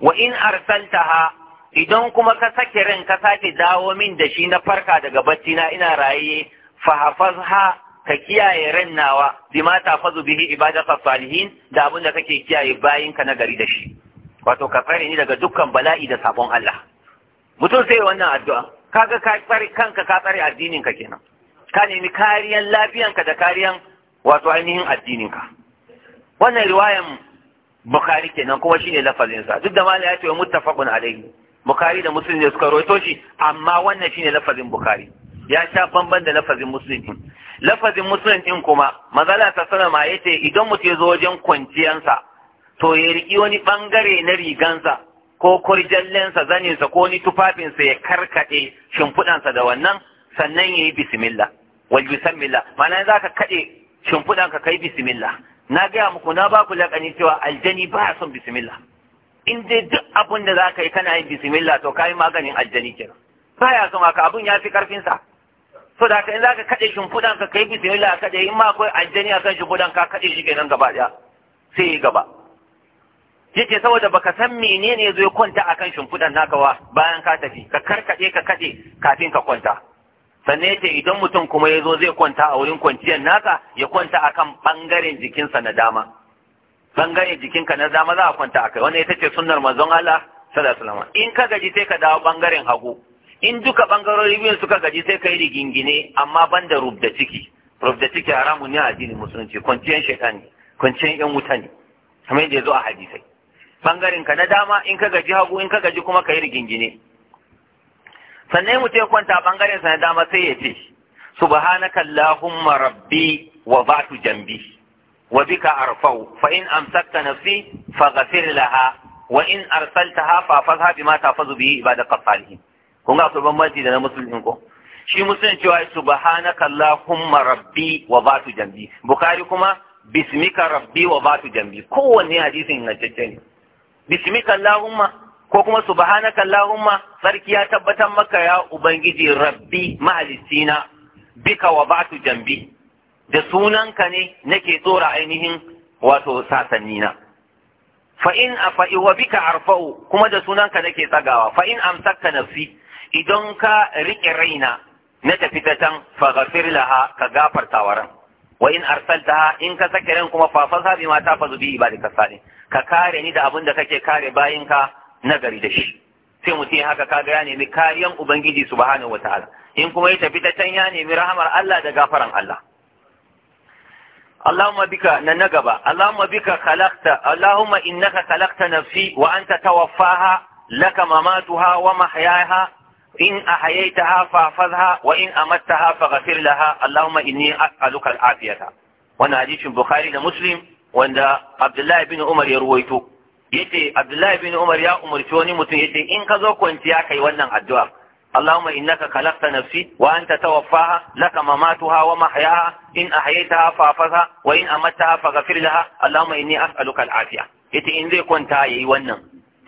wa in arsaltaha idan kuma ka sake ran ka sake dawo min da shi na farka daga bacci na ina raye fa ka kiyaye ran nawa bima tafazu bihi ibadatu salihin da abin da kake kiyaye bayin ka na gari da shi wato ka tsare ni daga dukkan bala'i da sabon Allah mutum sai wannan addu'a kaga ka tsare kanka ka tsare addinin ka kenan ka nemi kariyan lafiyanka da kariyan wato ainihin addinin ka wannan riwayan bukhari kenan kuma shine lafazin sa duk da mala ya ce wa muttafaqun alayhi bukhari da muslim ne suka rawaito shi amma wannan shine lafazin bukhari ya sha bamban da lafazin muslim din lafazin muslim din kuma mazala ta ma yace idan mutum ya zo wajen kwanciyansa to ya riki wani bangare na rigansa ko kurjallinsa zaninsa ko ni tufafinsa ya karkaɗe shimfiɗansa da wannan sannan ya yi bisimilla wal yusammillah ma'ana za ka kaɗe shimfiɗanka ka yi bismillah na gaya muku na ba ku laƙani cewa aljani ba son bisimilla in dai duk abin da za ka yi kana yin bisimilla to ka yi maganin aljani kenan ya son haka abun ya fi ƙarfinsa so da haka in za ka kaɗe shimfiɗanka ka yi bismillah ka kaɗe in ma akwai aljani akan shimfiɗanka kaɗe shi kenan gaba ɗaya sai yi gaba yake saboda baka san menene ya kwanta akan shimfidan naka wa bayan ka tafi ka karkade ka kade kafin ka kwanta sannan yace idan mutum kuma yazo zai kwanta a wurin kwanciyar naka ya kwanta akan bangaren jikinsa na dama bangaren jikinka na dama za a kwanta akai wannan ita ce sunnar manzon Allah sallallahu alaihi wasallam in ka gaji sai ka dawo bangaren hagu in duka bangarori biyu suka gaji sai ka yi rigingine amma ban da rubda ciki rubda ciki haramun ne a addinin musulunci kwanciyar shekani kwanciyar yan wuta ne kamar yadda ya zo a hadisai bangaren ka na dama in ka gaji hagu in ka gaji kuma ka yi rigingine sannan mutum ya kwanta bangaren sa na dama sai ya ce subhanaka allahumma rabbi wa batu jambi wa bika arfau fa in amsakta nafsi faghfir laha wa in arsaltaha fa fazha bima tafazu bihi ibada salihin kun ga akwai bambanci da na musulmin ko shi musulun cewa subhanaka allahumma rabbi wa batu jambi Bukhari kuma bismika rabbi wa batu jambi kowanne hadisin ingantacce ne bismika allahumma ko kuma subhanaka allahumma sarki ya tabbatar maka ya ubangiji rabbi mahalicina bika wa batu jambi da sunanka ne nake tsora ainihin wato sasannina fa in afa'i wa bika arfa'u kuma da sunanka nake tsagawa fa in amsakka nafsi idan ka riƙe raina na tafi ta can faghfir laha ka gafarta wa in arsaltaha in ka sake ran kuma fa fasabi mata, ta fazu ibadika salih ka kare ni da abin da kake kare bayinka ka nagari da shi sai mutum haka kaga ya nemi kariyan ubangiji subhanahu wataala in kuma ya tafi ta can ya nemi rahamar Allah da gafaran Allah اللهم بك ننقب اللهم بك خلقت اللهم إنك خلقت نفسي وأنت توفاها لك مماتها ومحياها إن أحييتها فاحفظها وإن أمتها فغفر لها اللهم إني أسألك العافية وانا البخاري لمسلم wanda Abdullahi bin Umar ya ruwaito yace Abdullahi bin Umar ya umarci wani mutum yace in ka zo kwanciya kai wannan addu'a اللهم إنك خلقت نفسي وأنت توفاها لك مماتها ومحياها إن أحييتها فافها وإن أمتها فغفر لها اللهم إني أسألك العافية yace in zai kwanta yayi wannan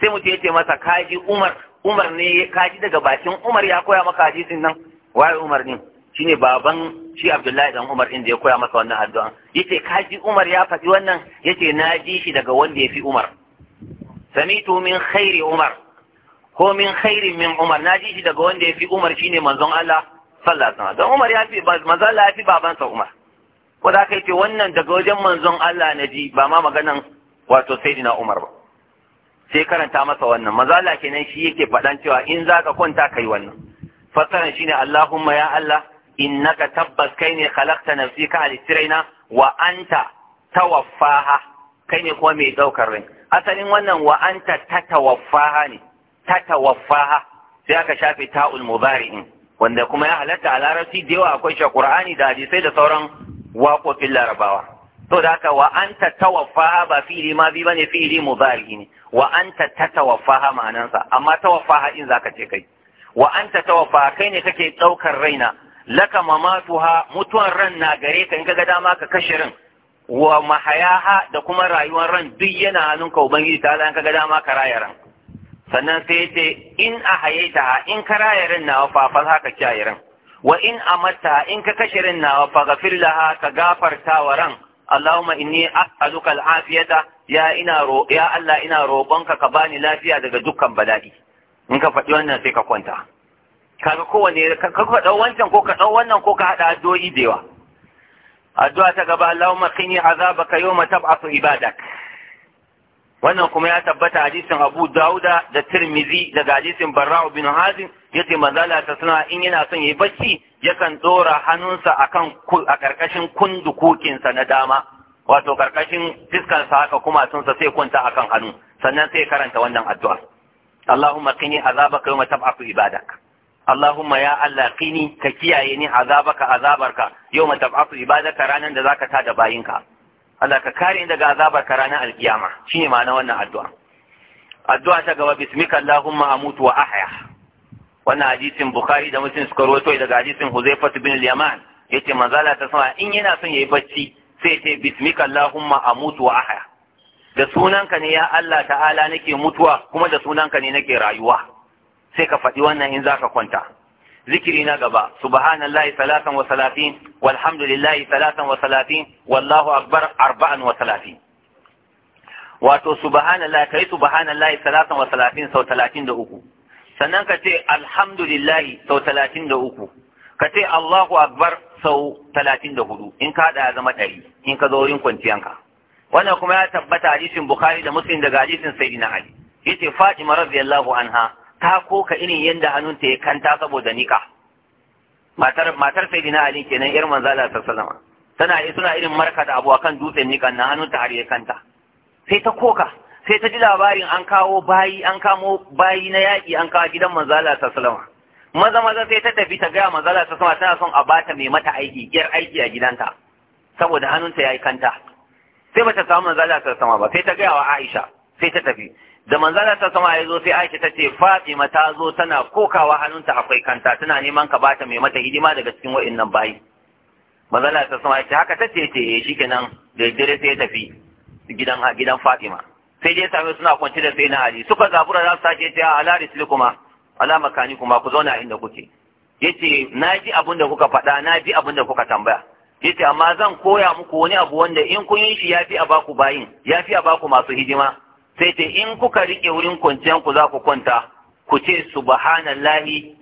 sai mutum yace masa kaji Umar Umar ne kaji daga bakin Umar ya koya maka hadisin nan waye Umar ne shine baban shi Abdullahi dan Umar inda ya koya masa wannan addu'a yace kaji Umar ya faɗi wannan yace na ji shi daga wanda ya fi Umar samitu min khairi Umar ko min khairi min Umar na ji shi daga wanda ya fi Umar shine manzon Allah sallallahu alaihi wasallam dan Umar ya fi manzon Allah ya fi babansa Umar ko da kai ce wannan daga wajen manzon Allah na ji ba ma maganan wato sayyidina Umar ba sai karanta masa wannan mazala kenan shi yake faɗan cewa in ka kwanta kai wannan fasaran shine Allahumma ya Allah innaka tabbas kai ne khalaqta nafsi ka alitiraina wa anta tawaffaha kai ne kuma mai daukar rai asalin wannan wa anta tatawaffaha ne tatawaffaha sai aka shafe ta'ul mubari'in wanda kuma ya halatta a larabci da yawa akwai shi qur'ani da hadisai da sauran waƙoƙin larabawa to da haka wa anta tawaffaha ba fili ma bi bane fili mubari ne wa anta tatawaffaha ma'anansa amma tawaffaha din zaka ce kai wa anta tawaffaha kai ne kake daukar raina laka mamatuha mutuwan ran na gare ka in ka ga dama ka kashe ran wa mahayaha da kuma rayuwar ran duk yana hannunka ubangiji ta in ka ga dama ka raya ran sannan sai yace in ahayaitaha in ka raya ran na fa haka kiyaye ran wa in amatta in ka kashe ran na fa laha ka gafarta wa ran Allahumma inni as'aluka al'afiyata ya ina ya Allah ina roƙonka ka bani lafiya daga dukkan bala'i in ka faɗi wannan sai ka kwanta kaga kowane ka ka dau wancan ko ka dau wannan ko ka hada addu'o'i da yawa addu'a ta gaba Allahumma qini azabaka yawma tab'athu ibadak wannan kuma ya tabbata hadisin Abu Dawuda da Tirmizi daga hadisin Barra'u bin Hazim yace mazala ta suna in yana son yayi bacci yakan dora hannunsa akan a karkashin sa na dama wato karkashin sa haka kuma sa sai kwanta akan hannu sannan sai karanta wannan addu'a Allahumma qini azabaka yawma tab'athu ibadak Allahumma ya Allah qini ka kiyaye ni azabaka azabarka yau yawma tab'atu ibadaka ranan da zaka tada bayinka Allah ka kare ni daga azabarka ranan alkiyama shine ma'ana wannan addu'a addu'a ta gaba bismika Allahumma amutu wa ahya wannan hadisin Bukhari da Muslim suka rawaito daga hadisin Huzaifah bin al-Yaman yace manzala ta sama in yana son yayi bacci sai ce bismika Allahumma amutu wa ahya da sunanka ne ya Allah ta'ala nake mutuwa kuma da sunanka ne nake rayuwa sai ka faɗi wannan in za ka kwanta zikiri na gaba subhanallahi salatan wa salatin walhamdulillahi salatan wa salatin wallahu akbar arba'an wa salatin wato subhanallahi kai subhanallahi salatan wa salatin sau talatin da uku sannan ka ce alhamdulillahi sau talatin da uku ka ce allahu akbar sau talatin da hudu in ka haɗa ya zama ɗari in ka zo wurin kwanciyanka wannan kuma ya tabbata hadisin bukhari da muslim daga hadisin sayyidina ali yace fatima radiyallahu anha ta koka irin yadda hannunta ya kanta saboda nika matar matar sayyidina ali kenan irin manzo Allah sallallahu alaihi tana yi suna irin marka da abu akan dutsen nika na hannunta har ya kanta sai ta koka sai ta ji labarin an kawo bayi an kamo bayi na yaƙi an kawo gidan manzo Allah sallallahu maza maza sai ta tafi ta ga manzo Allah sallallahu tana son a bata mai mata aiki yar aiki a gidanta saboda hannunta ya yi kanta sai bata samu manzo Allah sallallahu ba sai ta ga wa Aisha sai ta tafi da Manzana ta sama ya zo sai aisha ta ce fatima ta zo tana kokawa hannunta akwai kanta tana neman ka bata mai mata hidima daga cikin wa'annan bayi Manzana ta sama ya ce haka ta ce ce eh, shikenan da dare sai ya tafi gidan gidan fatima sai dai same suna kwance da sai na ali suka zabura za su sake ce Alari ah, sili kuma ala makani kuma ku zauna inda kuke yace na ji abin da kuka faɗa na ji abin da kuka tambaya yace amma zan koya muku wani abu wanda in kun yi shi yafi a baku bayin yafi a baku masu hidima sai ce in kuka rike wurin kwanciyar ku za ku kwanta ku ce subhanallahi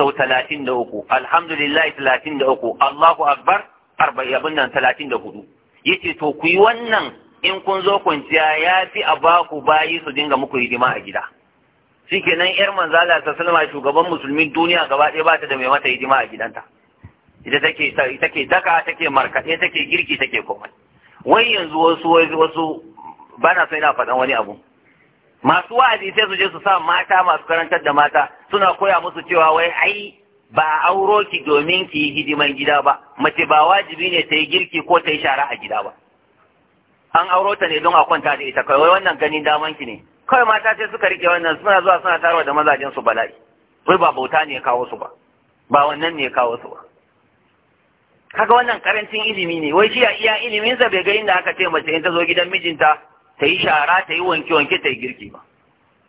sau talatin da uku alhamdulillahi talatin da uku allahu akbar arba'in abin nan talatin da hudu yace to ku yi wannan in kun zo kwanciya ya fi a baku bayi su dinga muku hidima a gida shikenan yar manzala ta salama shugaban musulmin duniya gaba ɗaya ba ta da mai mata hidima a gidanta ita take take daka take markaɗe take girki take komai wai yanzu wasu wasu ba na so ina faɗan wani abu masu wa'azi sai su je su sa mata masu karantar da mata suna koya musu cewa wai ai ba auro ki domin ki yi hidiman gida ba mace ba wajibi ne ta yi girki ko ta yi shara a gida ba an auro ta ne don a kwanta da ita kawai wannan ganin daman ki ne kawai mata sai suka rike wannan suna zuwa suna tarwa da mazajen su bala'i wai ba bauta ne ya kawo su ba ba wannan ne ya kawo su ba kaga wannan karancin ilimi ne wai shi a iya ilimin sa bai ga inda aka ce mace in ta zo gidan mijinta ta yi shara ta yi wanke-wanke ta yi girki ba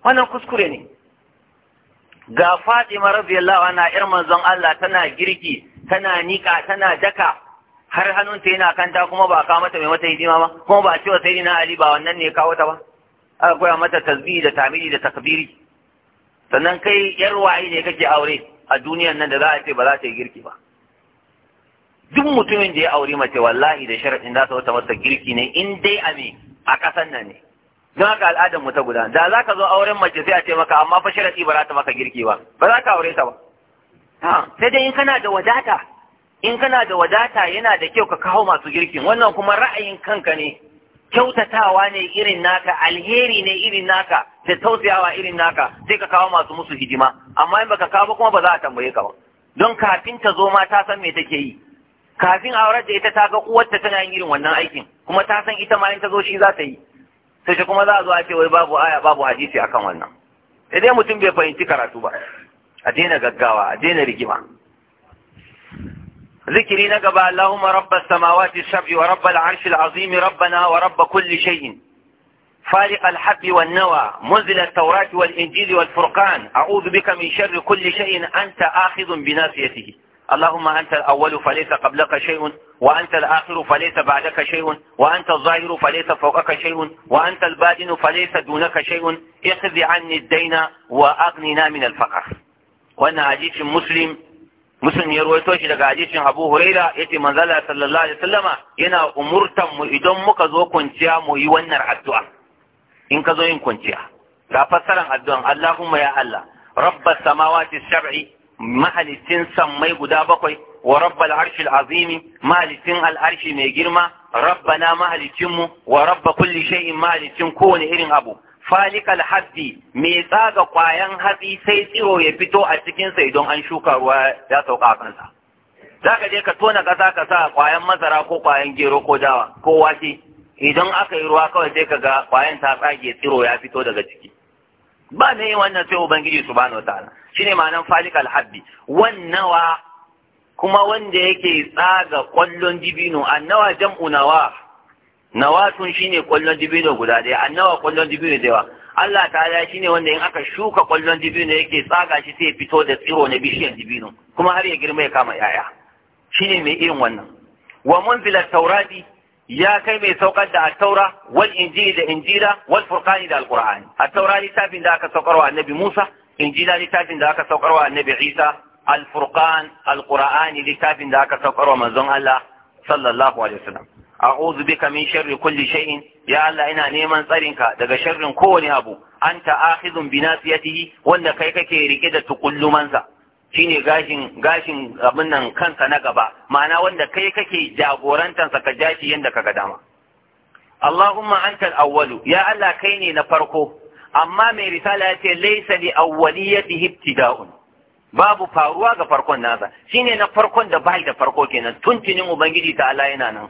wannan kuskure ne ga Fatima radiyallahu na yar manzon Allah tana girki tana nika tana daka har hannunta yana kanta kuma ba kawo mata mai mata hidima ba kuma ba cewa sai na Ali ba wannan ne kawo ta ba aka koya mata tasbihi da tamiri da takbiri sannan kai yar waye ne kake aure a duniyan nan da za a ce ba za ta yi girki ba duk mutumin da ya aure mace wallahi da sharadin za ta wata masa girki ne in dai a me a ƙasan nan ne don haka al'adar mu ta guda da za ka zo auren mace sai a ce maka amma fa sharaɗi ba za ta maka girki ba ba za ka aure ta ba sai dai in kana da wadata in kana da wadata yana da kyau ka kawo masu girki, wannan kuma ra'ayin kanka ne kyautatawa ne irin naka alheri ne irin naka da tausayawa irin naka sai ka kawo masu musu hidima amma in baka kawo kuma ba za a tambaye ka ba don kafin ta zo ma ta san me take yi kafin aurar da ita ta ga kuwarta tana yin irin wannan aikin kuma ta san ita ma in ta zo shi za ta yi sai shi kuma za a zo a ce wai babu aya babu hadisi akan wannan sai mutum bai fahimci karatu ba a daina gaggawa a daina rigima zikiri na gaba Allahumma rabbas samawati sab'i wa rabbal arshi al'azim rabbana wa Rabba kulli shay'in فالق الحب والنوى منزل التوراة والإنجيل والفرقان أعوذ kulli من شر كل شيء أنت ya بناصيته اللهم أنت الأول فليس قبلك شيء وأنت الآخر فليس بعدك شيء وأنت الظاهر فليس فوقك شيء وأنت البادن فليس دونك شيء اخذ عني الدين وأغننا من الفقر وأن حديث مسلم مسلم يرويتوش لك حديث أبو هريرة يتي من ذلك صلى الله عليه وسلم ينا أمرتا مؤدم مكزو كنتيا مؤيونا الدعاء إن كزو إن كنتيا لا فسرا الدعاء اللهم يا الله رب السماوات السبع mahalicin sammai guda bakwai wa rabbal arshil azimi mahalicin al'arshi mai girma rabbana mahalicinmu wa rabba kulli shay'in mahalicin kowane irin abu falikal haddi mai tsaga kwayan hatsi sai tsiro ya fito a cikinsa idan an shuka ruwa ya sauka a kansa za ka je ka tona kasa ka sa kwayan masara ko kwayan gero ko dawa ko wake idan aka yi ruwa kawai sai ka ga kwayan ta tsage tsiro ya fito daga ciki ba yi wannan sai ubangiji subhanahu Shi shine ma'anan falik alhabbi wannawa kuma wanda yake tsaga kwallon dibino annawa jam'u nawa nawatun shine kwallon dibino guda daya annawa kwallon dibino da yawa Allah ta'ala shine wanda in aka shuka kwallon dibino yake tsaga shi sai fito da tsiro na bishiyar dibino kuma har ya girma ya kama yaya shine mai irin wannan wa munzila taurati ya kai mai saukar da attaura wal injili da injila wal furqani da alqur'ani attaura littafin da aka saukarwa annabi Musa injila littafin da aka saukarwa annabi Isa al-Qur'ani, littafin da aka saukarwa manzon Allah sallallahu alaihi wasallam a'udhu bika min sharri kulli shay'in ya Allah ina neman tsarinka daga sharrin kowane abu anta akhidhun bi nasiyatihi wanda kai kake rike da tukullumansa shine gashin gashin abin nan kanka na gaba ma'ana wanda kai kake jagorantansa ka jashi yanda kaga dama Allahumma anta al-awwalu ya Allah kai ne na farko amma mai risala ya ce laysa li awwaliyati ibtida'un babu faruwa ga farkon nasa shine na farkon da bai da farko kenan tuntunin ubangiji ta Allah yana nan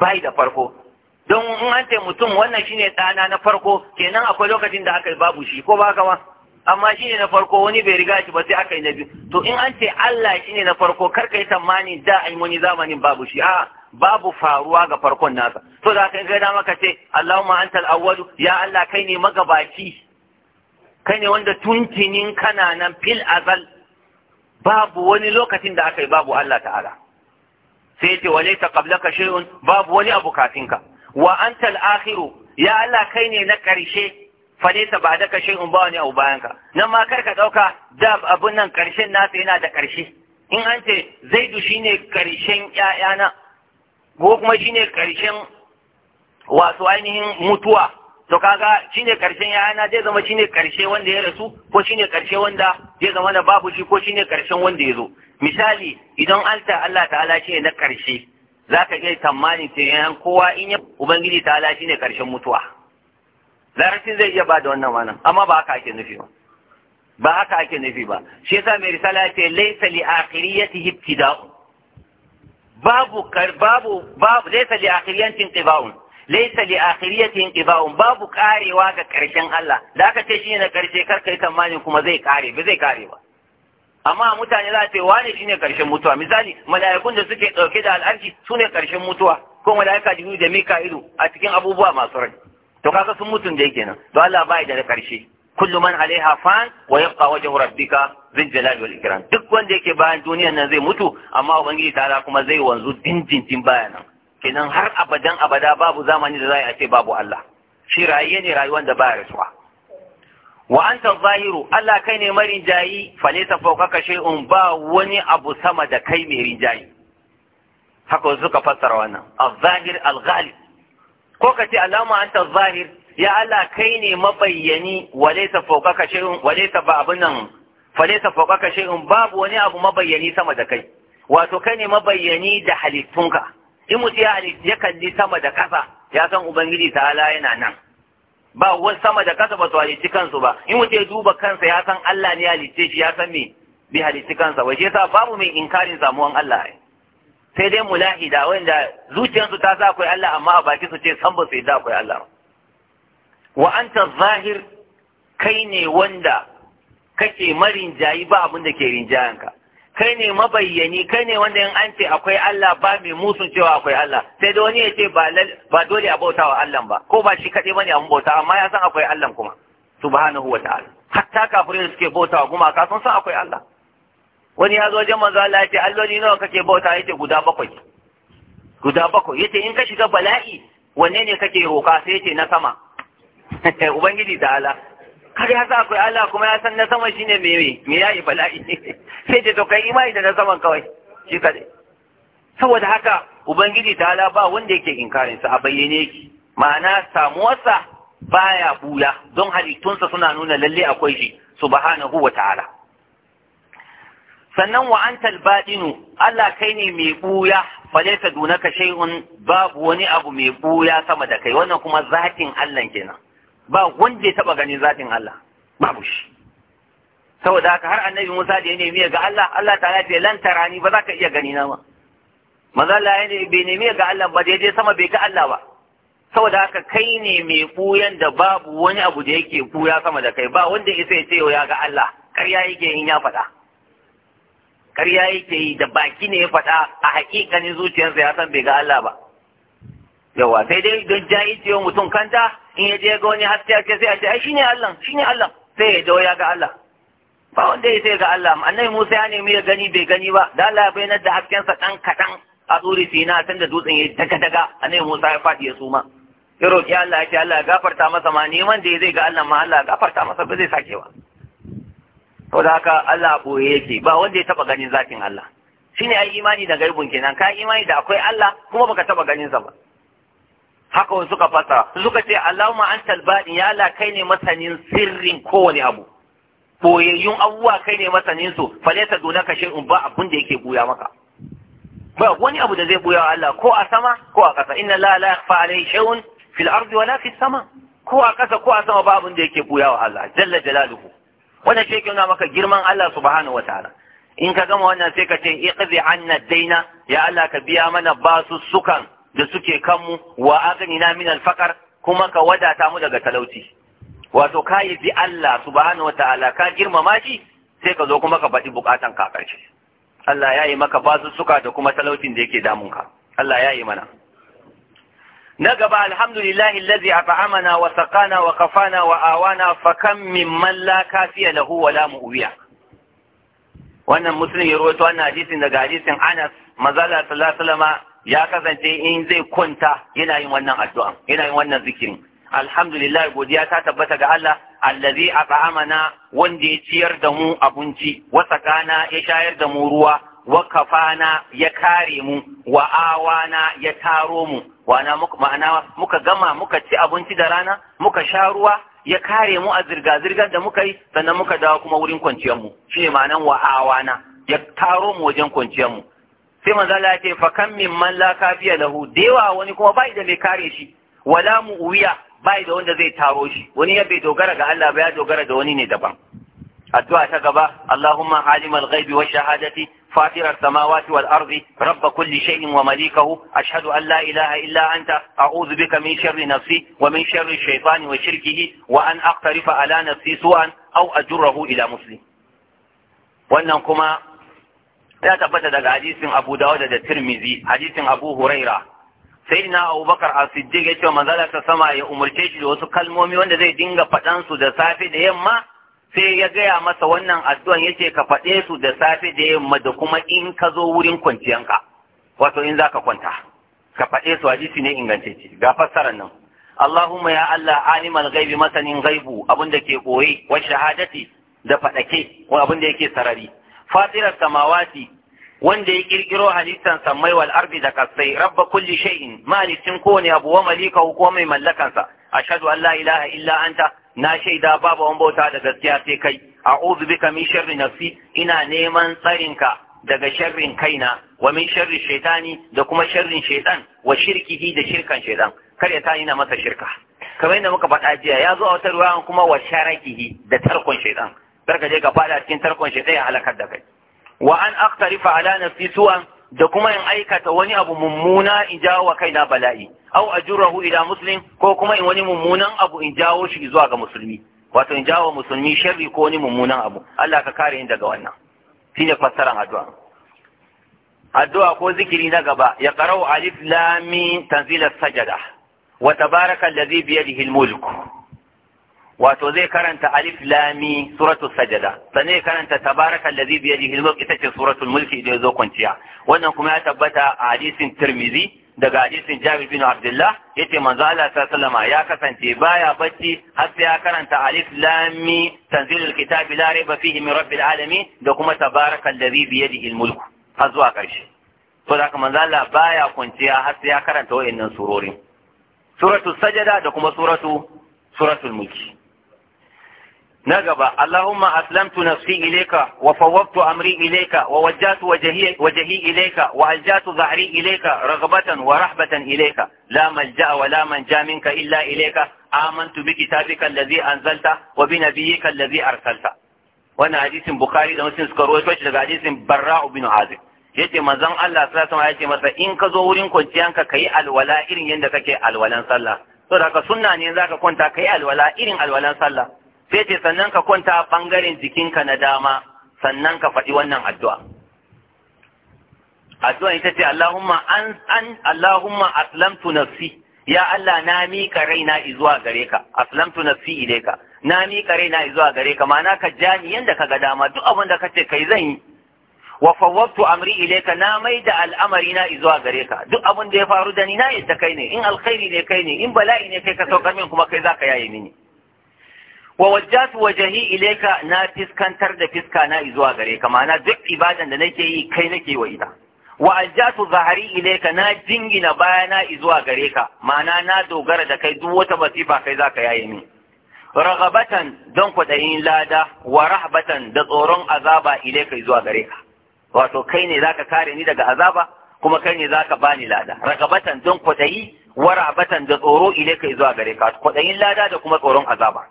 bai da farko don in an ce mutum wannan shine ɗana na farko kenan akwai lokacin da aka babu shi ko ba ka ba amma shine na farko wani bai riga shi ba sai aka yi na biyu to in an ce Allah shine na farko kar yi tsammani da yi wani zamanin babu shi a babu faruwa ga farkon nasa to da kai gaida maka ce Allahumma antal awwalu ya Allah kai ne magabaci kai ne wanda tuntunin kana nan fil azal babu wani lokacin da aka yi babu Allah ta'ala sai ce laysa qablaka shay'un babu wani abu kafinka wa antal akhiru ya Allah kai ne na karshe falisa ba da kashin in ba wani abu ka. nan ma kar ka ɗauka da abun nan ƙarshen nasa yana da ƙarshe in an ce zaidu shine ƙarshen ƴaƴana ko kuma shine ƙarshen wasu ainihin mutuwa to kaga shine ƙarshen ƴaƴana zai zama shine ƙarshe wanda ya rasu ko shine ƙarshe wanda zai zama na babu shi ko shine ƙarshen wanda ya zo misali idan alta Allah ta'ala shi na ƙarshe zaka iya tsammanin yan kowa in ya ubangiji ta'ala shine ƙarshen mutuwa larabcin zai iya ba da wannan ma'anan amma ba haka ake nufi ba ba haka ake nufi ba shi yasa mai risala ce laysa li akhiriyatihi ibtida'un babu babu babu laysa li akhiriyatin qiba'un laysa li akhiriyatin qiba'un babu karewa ga karshen Allah da aka ce shi ne na karshe kar kai tamani kuma zai kare ba zai kare ba amma mutane za ce wani shine karshen mutuwa misali mala'ikun da suke dauke da al'arshi sune karshen mutuwa ko mala'ika jibril da mika'ilu a cikin abubuwa masu rai to kaga sun mutun da yake nan to Allah bai da karshe kullu man alaiha fan wa yabqa wajhu rabbika zil jalali wal ikram duk wanda yake bayan duniyan nan zai mutu amma ubangiji ta kuma zai wanzu din baya nan kenan har abadan abada babu zamani da za a ce babu Allah shi rayuwa ne rayuwar da baya rasuwa wa anta zahiru Allah kai ne marin jayi falesa fawkaka shay'un ba wani abu sama da kai mai rinjayi haka suka fassara wannan al-zahir al-ghalib ko ka ce Allahumma anta zahir ya Allah kai ne mabayyani walaysa fawqaka shay'un walaysa ba abun nan falaysa fawqaka shay'un babu wani abu mabayyani sama da kai wato kai ne mabayyani da halittunka in mutum ya halitta ya kalli sama da kasa ya san ubangiji ta'ala yana nan ba wa sama da kasa ba su halitti kansu ba in mutum ya duba kansa ya san Allah ne ya halitte shi ya san me bi halitti kansa wai shi yasa babu mai inkarin samuwan Allah ai sai dai mulahida wanda zuciyarsu ta sa akwai Allah amma a baki su ce san ba su yadda akwai Allah wa anta zahir kai ne wanda kake marin jayi ba abin da ke rinjayanka kai ne mabayyani kai ne wanda in an ce akwai Allah ba mai musun cewa akwai Allah sai da wani ya ce ba dole a bauta wa Allah ba ko ba shi kaɗai bane a bauta amma ya san akwai Allah kuma subhanahu wa ta'ala hatta kafirin suke bauta wa gumaka sun san akwai Allah wani ya zo wajen manzo Allah ya ce alloli nawa kake bauta yace guda bakwai guda bakwai yace in ka shiga bala'i wanne ne kake roka sai yace na sama ubangiji da Allah kar ya sa akwai Allah kuma ya san na sama shine me me yayi bala'i sai ce to kai imani da na saman kawai shi kadai saboda haka ubangiji ta ala ba wanda yake inkarin sa a bayyane yake ma'ana samuwarsa baya bula don halittunsa suna nuna lalle akwai shi subhanahu wa ta'ala sannan wa antal badinu Allah kai ne mai buya falaita dunaka shay'un babu wani abu mai ɓuya sama da kai wannan kuma zatin Allah kenan ba wanda ya taɓa ganin zatin Allah babu shi saboda haka har annabi Musa da ya nemi ga Allah Allah ya ce lan tarani ba za ka iya gani na ma maza Allah ya bai nemi ga Allah ba da je sama bai ga Allah ba saboda haka kai ne mai ɓuyan da babu wani abu da yake ɓuya sama da kai ba wanda isa ya ce ya ga Allah yi yake in ya faɗa ƙarya yake yi da baki ne ya faɗa a haƙiƙanin zuciyarsa ya san bai ga Allah ba yawa sai dai don jahilci wa mutum kanta in ya je ga wani haske ake sai a ce ai shine Allah shine Allah sai ya dawo ya ga Allah ba wanda ya sai ga Allah annabi Musa ya nemi ya gani bai gani ba da Allah ya bayyana da haskensa ɗan kaɗan a tsuri sina tun da dutsen ya daga daga annabi Musa ya faɗi ya suma ya roƙi Allah ya ce Allah ya gafarta masa ma neman da ya zai ga Allah ma Allah ya gafarta masa ba zai sake ba to da haka Allah ɓoye yake ba wanda ya taɓa ganin zafin Allah ne ai imani da gaibun kenan ka imani da akwai Allah kuma baka taɓa ganin sa ba haka wani suka fasa suka ce Allahumma antal bani ya Allah kai ne masanin sirrin kowane abu yun abubuwa kai ne masanin su falaita ka shay'un ba abun da yake buya maka ba wani abu da zai buya wa Allah ko a sama ko a ƙasa inna la la yakhfa alayhi shay'un fil ardi fis sama ko a ƙasa ko a sama ba abun da yake buya wa Allah jalla jalaluhu wannan shi ke maka girman Allah subhanahu wataala in ka gama wannan sai ka ce iqzi anna daina ya Allah ka biya mana basu sukan da suke kanmu wa aghnina min al-faqr kuma ka wadata mu daga talauci wato ka yi bi Allah subhanahu wataala ka girmama shi sai ka zo kuma ka faɗi bukatan ka karshe Allah ya yi maka basu suka da kuma talaucin da yake damun ka Allah ya yi mana na gaba alhamdulillahi lazi a fa’amana wa sakana wa kafana wa awana fakan mimman laka fiye lahu wa lamu uwiya wannan musulun ya rohoto wannan hadisin daga hadisin anas mazala salama ya kasance in zai kwanta yana yin wannan addu’a yana yin wannan zikirin alhamdulillahi godiya ta tabbata ga Allah allazi a fa’amana wanda ya ciyar da mu abinci wa sakana ya shayar da mu ruwa wakafana ya kare mu wa awana ya taro mu wana ma'ana muka gama muka ci abinci da rana muka sha ruwa ya kare mu a zirga-zirgar da muka yi sannan muka dawo kuma wurin kwanciyar mu shine ma'anan wa awana ya taro mu wajen kwanciyar mu sai manzo Allah ya ce fa kam min man la kafiya lahu dewa wani kuma bai da mai kare shi wala mu uwiya bai da wanda zai taro shi wani ya bai dogara ga Allah ba ya dogara da wani ne daban addu'a ta gaba Allahumma halimal ghaibi wa shahadati فاطر السماوات والأرض رب كل شيء ومليكه أشهد أن لا إله إلا أنت أعوذ بك من شر نفسي ومن شر الشيطان وشركه وأن أقترف على نفسي سوءا أو أجره إلى مسلم وأنكما لا تبتد الحديث أبو داود الترمذي حديث أبو هريرة سيدنا أبو بكر الصديق يتوى من ذلك سما يأمر تجل وسكلمومي وأن زي دينغ فتنسو دسافي ديما sai ya gaya masa wannan addu'an yace ka faɗe su da safe da yamma da kuma in ka zo wurin kwanciyanka wato in zaka kwanta ka faɗe su hadisi ne ingantacce ga fassarar nan Allahumma ya Allah alimal ghaibi masanin ghaibu abinda ke koyi wa shahadati da faɗake ko abinda yake sarari fatirar samawati wanda ya kirkiro halittar samai wal ardi da kasai rabba kulli shay'in malikin kowane abu wa malika ko mai mallakansa ashhadu an la ilaha illa anta na shaida babu wani bauta da gaskiya sai kai a'udhu bika min sharri nafsi ina neman tsarinka daga sharrin kaina wa min sharri shaitani da kuma sharrin shaitan wa shirkihi da shirkan shaitan kar ya tani na masa shirka kamar yadda muka faɗa jiya ya zo a wata ruwan kuma wa sharakihi da tarkon shaitan kar ka je ka faɗa cikin tarkon shaitan ya halakar da kai wa an aqtarifa ala nafsi da kuma in aikata wani abu mummuna in jawo wa kaina bala'i au ajurahu ila muslim ko kuma in wani mummunan abu in jawo shi zuwa ga musulmi wato in jawo musulmi sharri ko wani mummunan abu Allah ka kare ni daga wannan shine fassaran addu'a addu'a ko zikiri na gaba ya qara'u alif lam mim tanzilas sajada wa tabaraka allazi bi yadihi almulk wato zai karanta alif lam mim suratu sajada sannan ya karanta tabaraka allazi bi yadihi almulk ita ce suratul mulki idan zo kwanciya wannan kuma ya tabbata a hadisin tirmizi daga hadisin Jabir bin Abdullah yace manzo Allah sallama ya kasance baya bacci har sai ya karanta alif lam mim tanzilul kitabi la raiba fihi min rabbil alamin da kuma tabarakal ladhi bi yadihi mulku har zuwa karshe to da haka manzo Allah baya kwanciya har sai ya karanta wayannan surorin suratul sajada da kuma suratu suratul mulki na gaba Allahumma aslamtu nafsi ilayka wa fawwadtu amri ilayka wa wajjahtu wajhi wajhi ilayka wa aljatu dhahri ilayka raghbatan wa rahbatan ilayka la malja'a wa la manja minka illa ilayka amantu bi kitabika alladhi anzalta wa bi nabiyyika alladhi arsalta wannan hadisin bukhari da muslim suka rawaito shi daga hadisin barra'u bin azib yace manzon Allah sallallahu alaihi wasallam yace masa in ka zo wurin kwanciyanka kai alwala irin yanda kake alwalan sallah saboda haka sunna ne zaka kwanta kai alwala irin alwalan sallah sai ce sannan ka kwanta a ɓangaren jikinka na dama sannan ka faɗi wannan addu'a addu'a ita ce Allahumma aslamtu nafsi ya Allah na miƙa raina zuwa gare ka aslamtu nafsi ka. na miƙa raina zuwa gare ka mana ka ja ni yadda ka ga dama duk abin da kace kai zan yi wa fawwabtu amri ile ka na mai da al'amari na zuwa gare ka duk abin da ya faru da ni na yadda kai ne in alkhairi ne kai ne in bala'i ne kai ka saukar min kuma kai zaka yaye mini wa wajjat wajhi ilayka na fiskantar da fiska na zuwa gare ka ma'ana duk ibadan da nake yi kai nake wa ita wa aljatu zahari ilayka na jingina bayana zuwa gare ka ma'ana na dogara da kai duk wata masifa kai zaka yaye ni ragabatan don kwaɗayin lada wa rahbatan da tsoron azaba ilayka zuwa gare ka wato kai ne zaka kare ni daga azaba kuma kai ne zaka bani lada ragabatan don kwaɗayi wa rahbatan da tsoro ilayka zuwa gare ka kwaɗayin lada da kuma tsoron azaba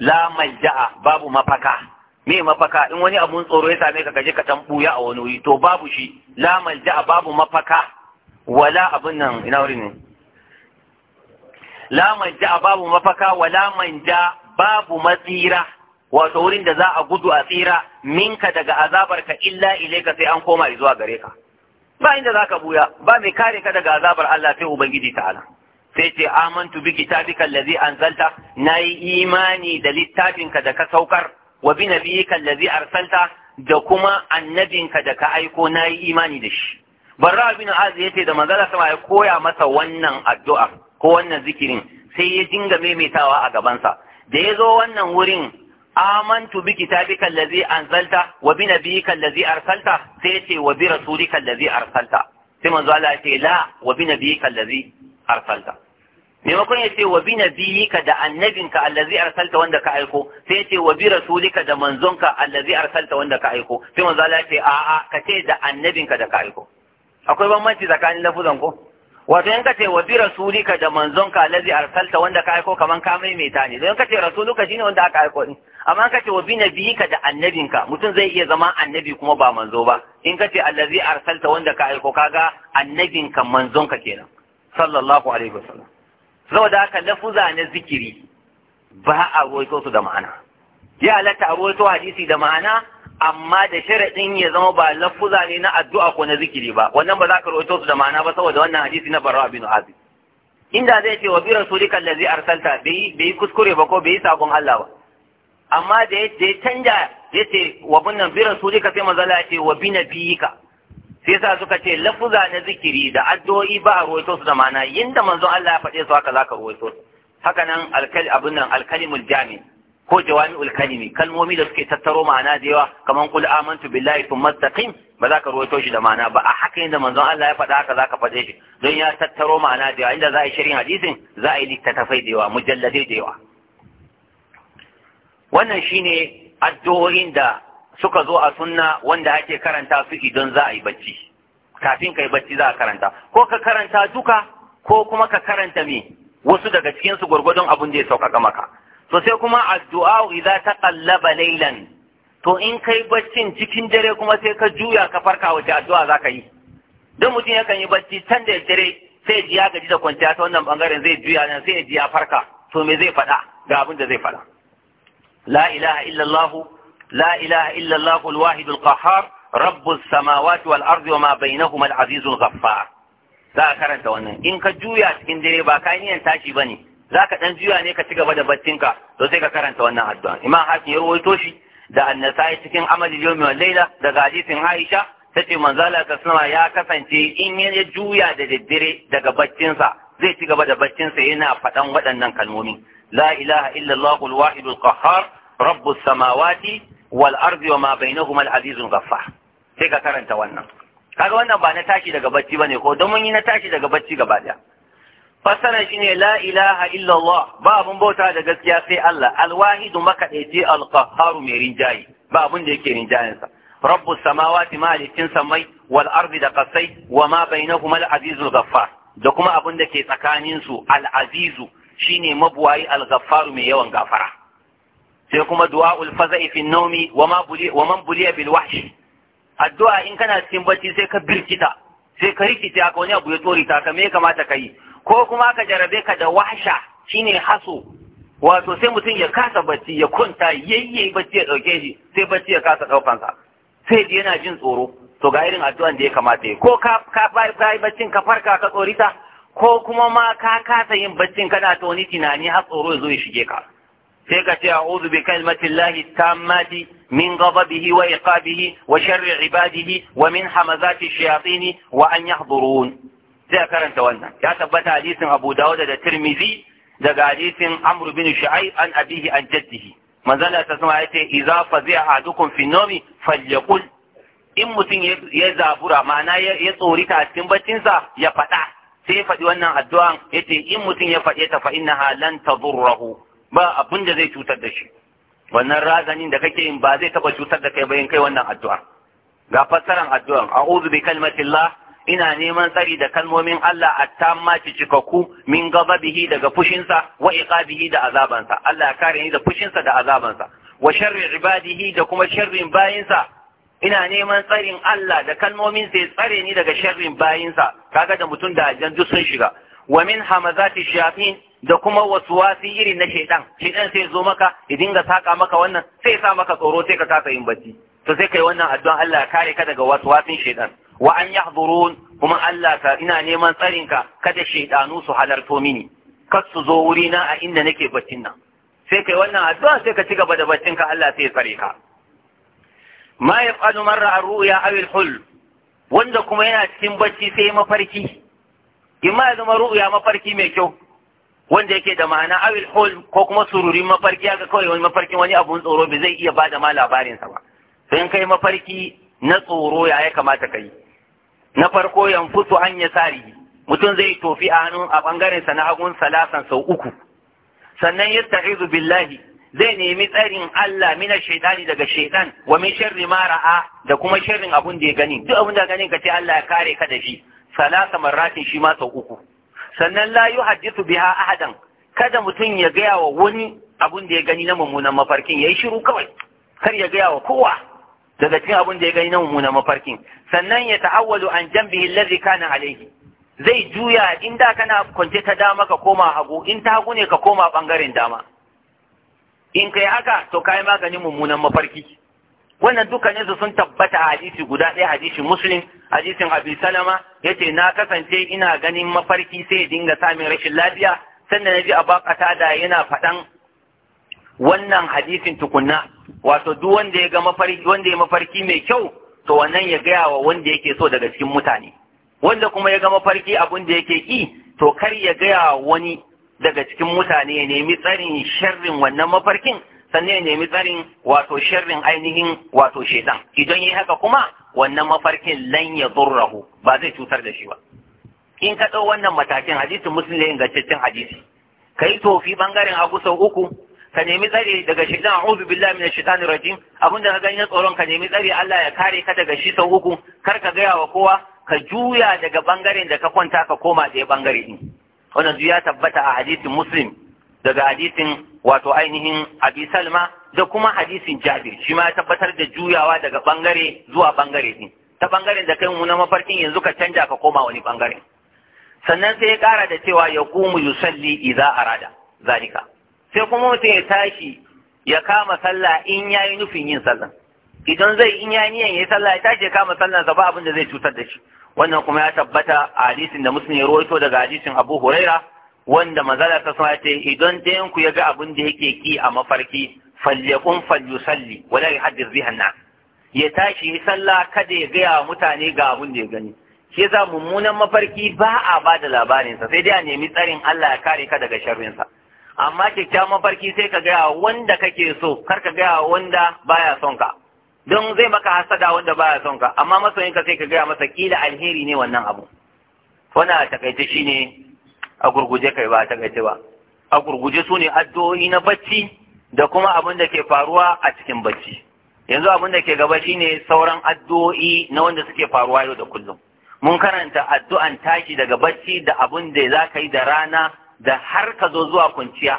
la ja'a babu mafaka me mafaka in wani abun tsoro ya same ka kaje ka tan buya a wani wuri to babu shi la ja'a babu mafaka wala abun nan ina wuri ne la ja'a babu mafaka wala ja babu matsira wato wurin da za a gudu a tsira minka daga azabar ka illa ilaika sai an koma zuwa gare ka ba inda zaka buya ba mai kare ka daga azabar Allah sai ubangiji ta'ala sai ce amantu bi kitabika allazi anzalta nayi imani da littafinka da ka saukar wa bi nabiyika allazi arsalta da kuma annabinka da ka aiko nayi imani da shi barra bin azi yace da manzala sama ya koya masa wannan addu'a ko wannan zikirin sai ya dinga maimaitawa a gabansa da ya zo wannan wurin amantu bi kitabika allazi anzalta wa bi nabiyika allazi arsalta sai ya ce wa bi rasulika allazi arsalta sai manzo Allah ya ce la wa bi nabiyika allazi arsalta maimakon ya ce wa bi na ka da annabinka allazi arsalta wanda ka aiko sai ya ce wa bi rasulika da manzonka allazi arsalta wanda ka aiko sai manzo Allah ya ce a a ka ce da annabinka da ka aiko akwai bambanci tsakanin lafuzan ko wato in ka ce wa bi rasulika da manzonka allazi arsalta wanda ka aiko kaman ka maimaita ne don ka ce rasuluka shine wanda aka aiko din amma ka ce wa bi na ka da annabinka mutum zai iya zama annabi kuma ba manzo ba in ka ce allazi arsalta wanda ka aiko kaga annabinka manzonka kenan sallallahu alaihi wasallam saboda haka lafuza na zikiri ba a ruwaito su da ma'ana ya halatta a ruwaito hadisi da ma'ana amma da sharaɗin ya zama ba lafuza ne na addu'a ko na zikiri ba wannan ba za ka ro'ito su da ma'ana ba saboda wannan hadisi na barra bin azib inda zai ce wa bi rasulika allazi arsalta bai bai kuskure ba ko bai sabon Allah ba amma da ya canja ya ce wa bunnan bi rasulika sai manzo Allah ya ce wa bi nabiyika sai sa suka ce lafuza na zikiri da addu'o'i ba a ruwaito su da mana yinda manzo Allah ya faɗe su haka zaka ruwaito su haka nan alkal abun nan alkalimul jami ko jawami'ul kalimi kalmomi da suke tattaro ma'ana da yawa kaman qul amantu billahi thumma taqim ba za ka ruwaito shi da ma'ana ba a haka yinda manzon Allah ya faɗa haka za ka faɗe shi don ya tattaro ma'ana da yawa inda za a yi shirin hadisin za a yi littattafai da yawa mujalladai da yawa wannan shine addu'o'in da suka zo a sunna wanda ake karanta su idan za a yi bacci kafin ka yi bacci za a karanta ko ka karanta duka ko kuma ka karanta me wasu daga cikin su gwargwadon abin da ya sauƙaƙa maka to sai kuma addu'a idza taqallaba laylan to in kai baccin cikin dare kuma sai ka juya ka farka wace addu'a zaka yi dan mutum yakan yi bacci tan da dare sai ji gaji da kwanciya ta wannan bangaren zai juya nan sai ya ji farka to me zai faɗa ga abin da zai faɗa la ilaha illallah لا إله إلا الله الواحد القهار رب السماوات والأرض وما بينهما العزيز الغفار za a karanta wannan in ka juya cikin dare ba ka niyan tashi bane za ka dan juya ne ka ci gaba da baccinka to sai ka karanta wannan addu'a imam hakim ya rawaito shi da annasai cikin amali yawmi wal laila daga hadisin aisha tace manzo Allah ta sama ya kasance in ya juya da daddare daga baccinsa zai ci gaba da baccinsa yana faɗan waɗannan kalmomi la ilaha illa allahul wahidul qahhar rabbus samawati wal ardi wa ma bainahuma sai ka karanta wannan kaga wannan ba na tashi daga bacci bane ko don mun yi na tashi daga bacci gaba daya fassara shine la ilaha illa Allah ba abun bauta da gaskiya sai Allah al-wahid makadaici al mai rinjayi ba abun da yake rinjayin sa rabbus samawati malikin samai wal ardi da qasai wa ma bainahuma al-azizul ghaffar da kuma abun da ke tsakanin su al-azizu shine mabuwayi al-ghaffar mai yawan gafara sai kuma Du'a faza'i fi naumi wa man buliya bil wahshi addu'a in kana cikin bacci sai ka birkita sai ka rikice aka wani abu ya tori ta ka me kamata yi ko kuma ka jarabe ka da wahsha shine haso wato sai mutum ya kasa bacci ya kunta yayye bacci ya dauke shi sai bacci ya kasa daukan sa sai da yana jin tsoro to ga irin addu'an da ya kamata yi ko ka ka bai baccin ka farka ka tsorita ko kuma ma ka kasa yin baccin kana ta wani tunani har tsoro ya zo ya shige ka sai ka ce a'udhu bi kalimatillahi tammati min ghadabihi wa iqabihi wa sharri ibadihi wa min hamazati shayatin wa an yahdurun sai karanta wannan ya tabbata hadisin Abu Dawud da Tirmidhi daga hadisin Amr bin Shu'aib an abihi an jaddihi manzon Allah sallallahu alaihi wasallam idza fazi'a ahadukum fi nawmi falyaqul in mutum ya zabura ma'ana ya tsorita a cikin baccinsa ya faɗa sai ya faɗi wannan addu'an ya ce in mutum ya faɗe ta fa halan lan tadurrahu ba abin da zai cutar da shi wannan razanin da kake yin ba zai taba cutar da kai ba in kai wannan addu'a ga fassaran addu'an a'udhu bi kalmatillah ina neman tsari da kalmomin Allah attamma ci cikakku min bihi daga fushinsa wa iqabihi da azabansa Allah ya kare ni da fushinsa da azabansa wa sharri ibadihi da kuma sharrin bayinsa ina neman tsarin Allah da kalmomin sai tsare ni daga sharrin bayinsa kaga da mutum da aljan duk sun shiga wa min hamazati shayatin da kuma wasu wasi irin na shaidan shaidan sai zo maka ya dinga saka maka wannan sai sa maka tsoro sai ka kasa yin bacci to sai kai wannan addu'an Allah kare ka daga wasu wasin shaidan wa an yahdurun kuma Allah ka ina neman tsarin ka kada shaidanu su halarto mini kar su zo wuri na a inda nake baccin nan sai kai wannan addu'a sai ka ci gaba da baccin ka Allah sai ya tsare ka ma yaqalu marra ar-ru'ya aw al hul wanda kuma yana cikin bacci sai mafarki imma ya zama ru'ya mafarki mai kyau wanda yake da ma'ana awil hol ko kuma sururin mafarki haka kawai wani mafarkin wani abun tsoro bai zai iya bada ma labarinsa ba sai kai mafarki na tsoro ya ya kamata kai na farko yan an hanya tsari mutum zai tofi a hannun a bangaren sa na hagun salasan sau uku sannan yasta'izu billahi zai nemi tsarin Allah mina shaitani daga shaitan wa min sharri ma ra'a da kuma sharrin abun da ya gani duk abun da ganin ka ce Allah ya kare ka da shi salasa marratin shi ma sau uku sannan layu yuhaddithu biha ahadan kada mutum ya gaya wa wani abun da ya gani na mummunan mafarkin ya yi shiru kawai kar ya gaya wa kowa daga cikin abun da ya gani na mummunan mafarkin sannan ya ta'awwalu an jambihi allazi kana alayhi zai juya in da kana kwance ta dama ka koma hagu in ta hagu ne ka koma bangaren dama in kai haka to kai maganin mummunan mafarki wannan dukkanin su sun tabbata a hadisi guda ɗaya hadisi muslim hadisin abi salama yace na kasance ina ganin mafarki sai dinga samun rashin lafiya sannan naji ta da yana faɗan wannan hadisin tukunna wato duk wanda ya ga mafarki wanda ya mafarki mai kyau to wannan ya gaya wa wanda yake so daga cikin mutane wanda kuma ya ga mafarki abin da yake ki to kar ya gaya wani daga cikin mutane ya nemi tsarin sharrin wannan mafarkin sannan ya nemi tsarin wato sharrin ainihin wato shedan idan yi haka kuma wannan mafarkin lan ya zurrahu ba zai cutar da shi ba in ka ɗau wannan matakin hadisin muslim ne ingantaccen hadisi ka yi tofi ɓangaren hagu sau uku ka nemi tsare daga shaitan a'udhu billahi minash shaitani rajim abinda ka gani tsoron ka nemi tsare Allah ya kare ka daga shi sau uku kar ka gaya wa kowa ka juya daga ɓangaren da ka kwanta ka koma ɗaya bangare din wannan ya tabbata a hadisin muslim daga hadisin wato ainihin abi salma da kuma hadisin Jabir shi ma ya tabbatar da juyawa daga bangare zuwa bangare din ta bangaren da kai mu na mafarkin yanzu ka canja ka koma wani bangare sannan sai ya kara da cewa ya kumu yusalli idza arada zalika sai kuma mutum ya tashi ya kama sallah in yayi nufin yin sallah idan zai in yayi niyan yayi sallah ya tashi ya kama sallah sa ba abin da zai cutar da shi wannan kuma ya tabbata a hadisin da muslim ya rawaito daga hadisin Abu Huraira wanda manzala ta ce idan ɗayan ku ya ga abin da yake ki a mafarki falyakun falyusalli wala yuhaddith biha na ya tashi yi sallah kada ya gaya mutane ga abun da ya gani shi yasa mummunan mafarki ba a ba da labarinsa sai dai a nemi tsarin Allah ya kare ka daga sharrinsa amma kyakkyawan mafarki sai ka gaya wanda kake so kar ka gaya wanda baya son ka don zai maka hasada wanda baya son ka amma masoyin ka sai ka gaya masa kila alheri ne wannan abu wannan a takaice shine a gurguje kai ba a takaice ba a gurguje su ne addu'o'i na bacci da kuma abin da ke faruwa a cikin bacci yanzu abin da ke gaba shine sauran addu'o'i na wanda suke faruwa yau da kullum mun karanta addu'an tashi daga bacci da abin da za ka yi da rana da har ka zo zuwa kwanciya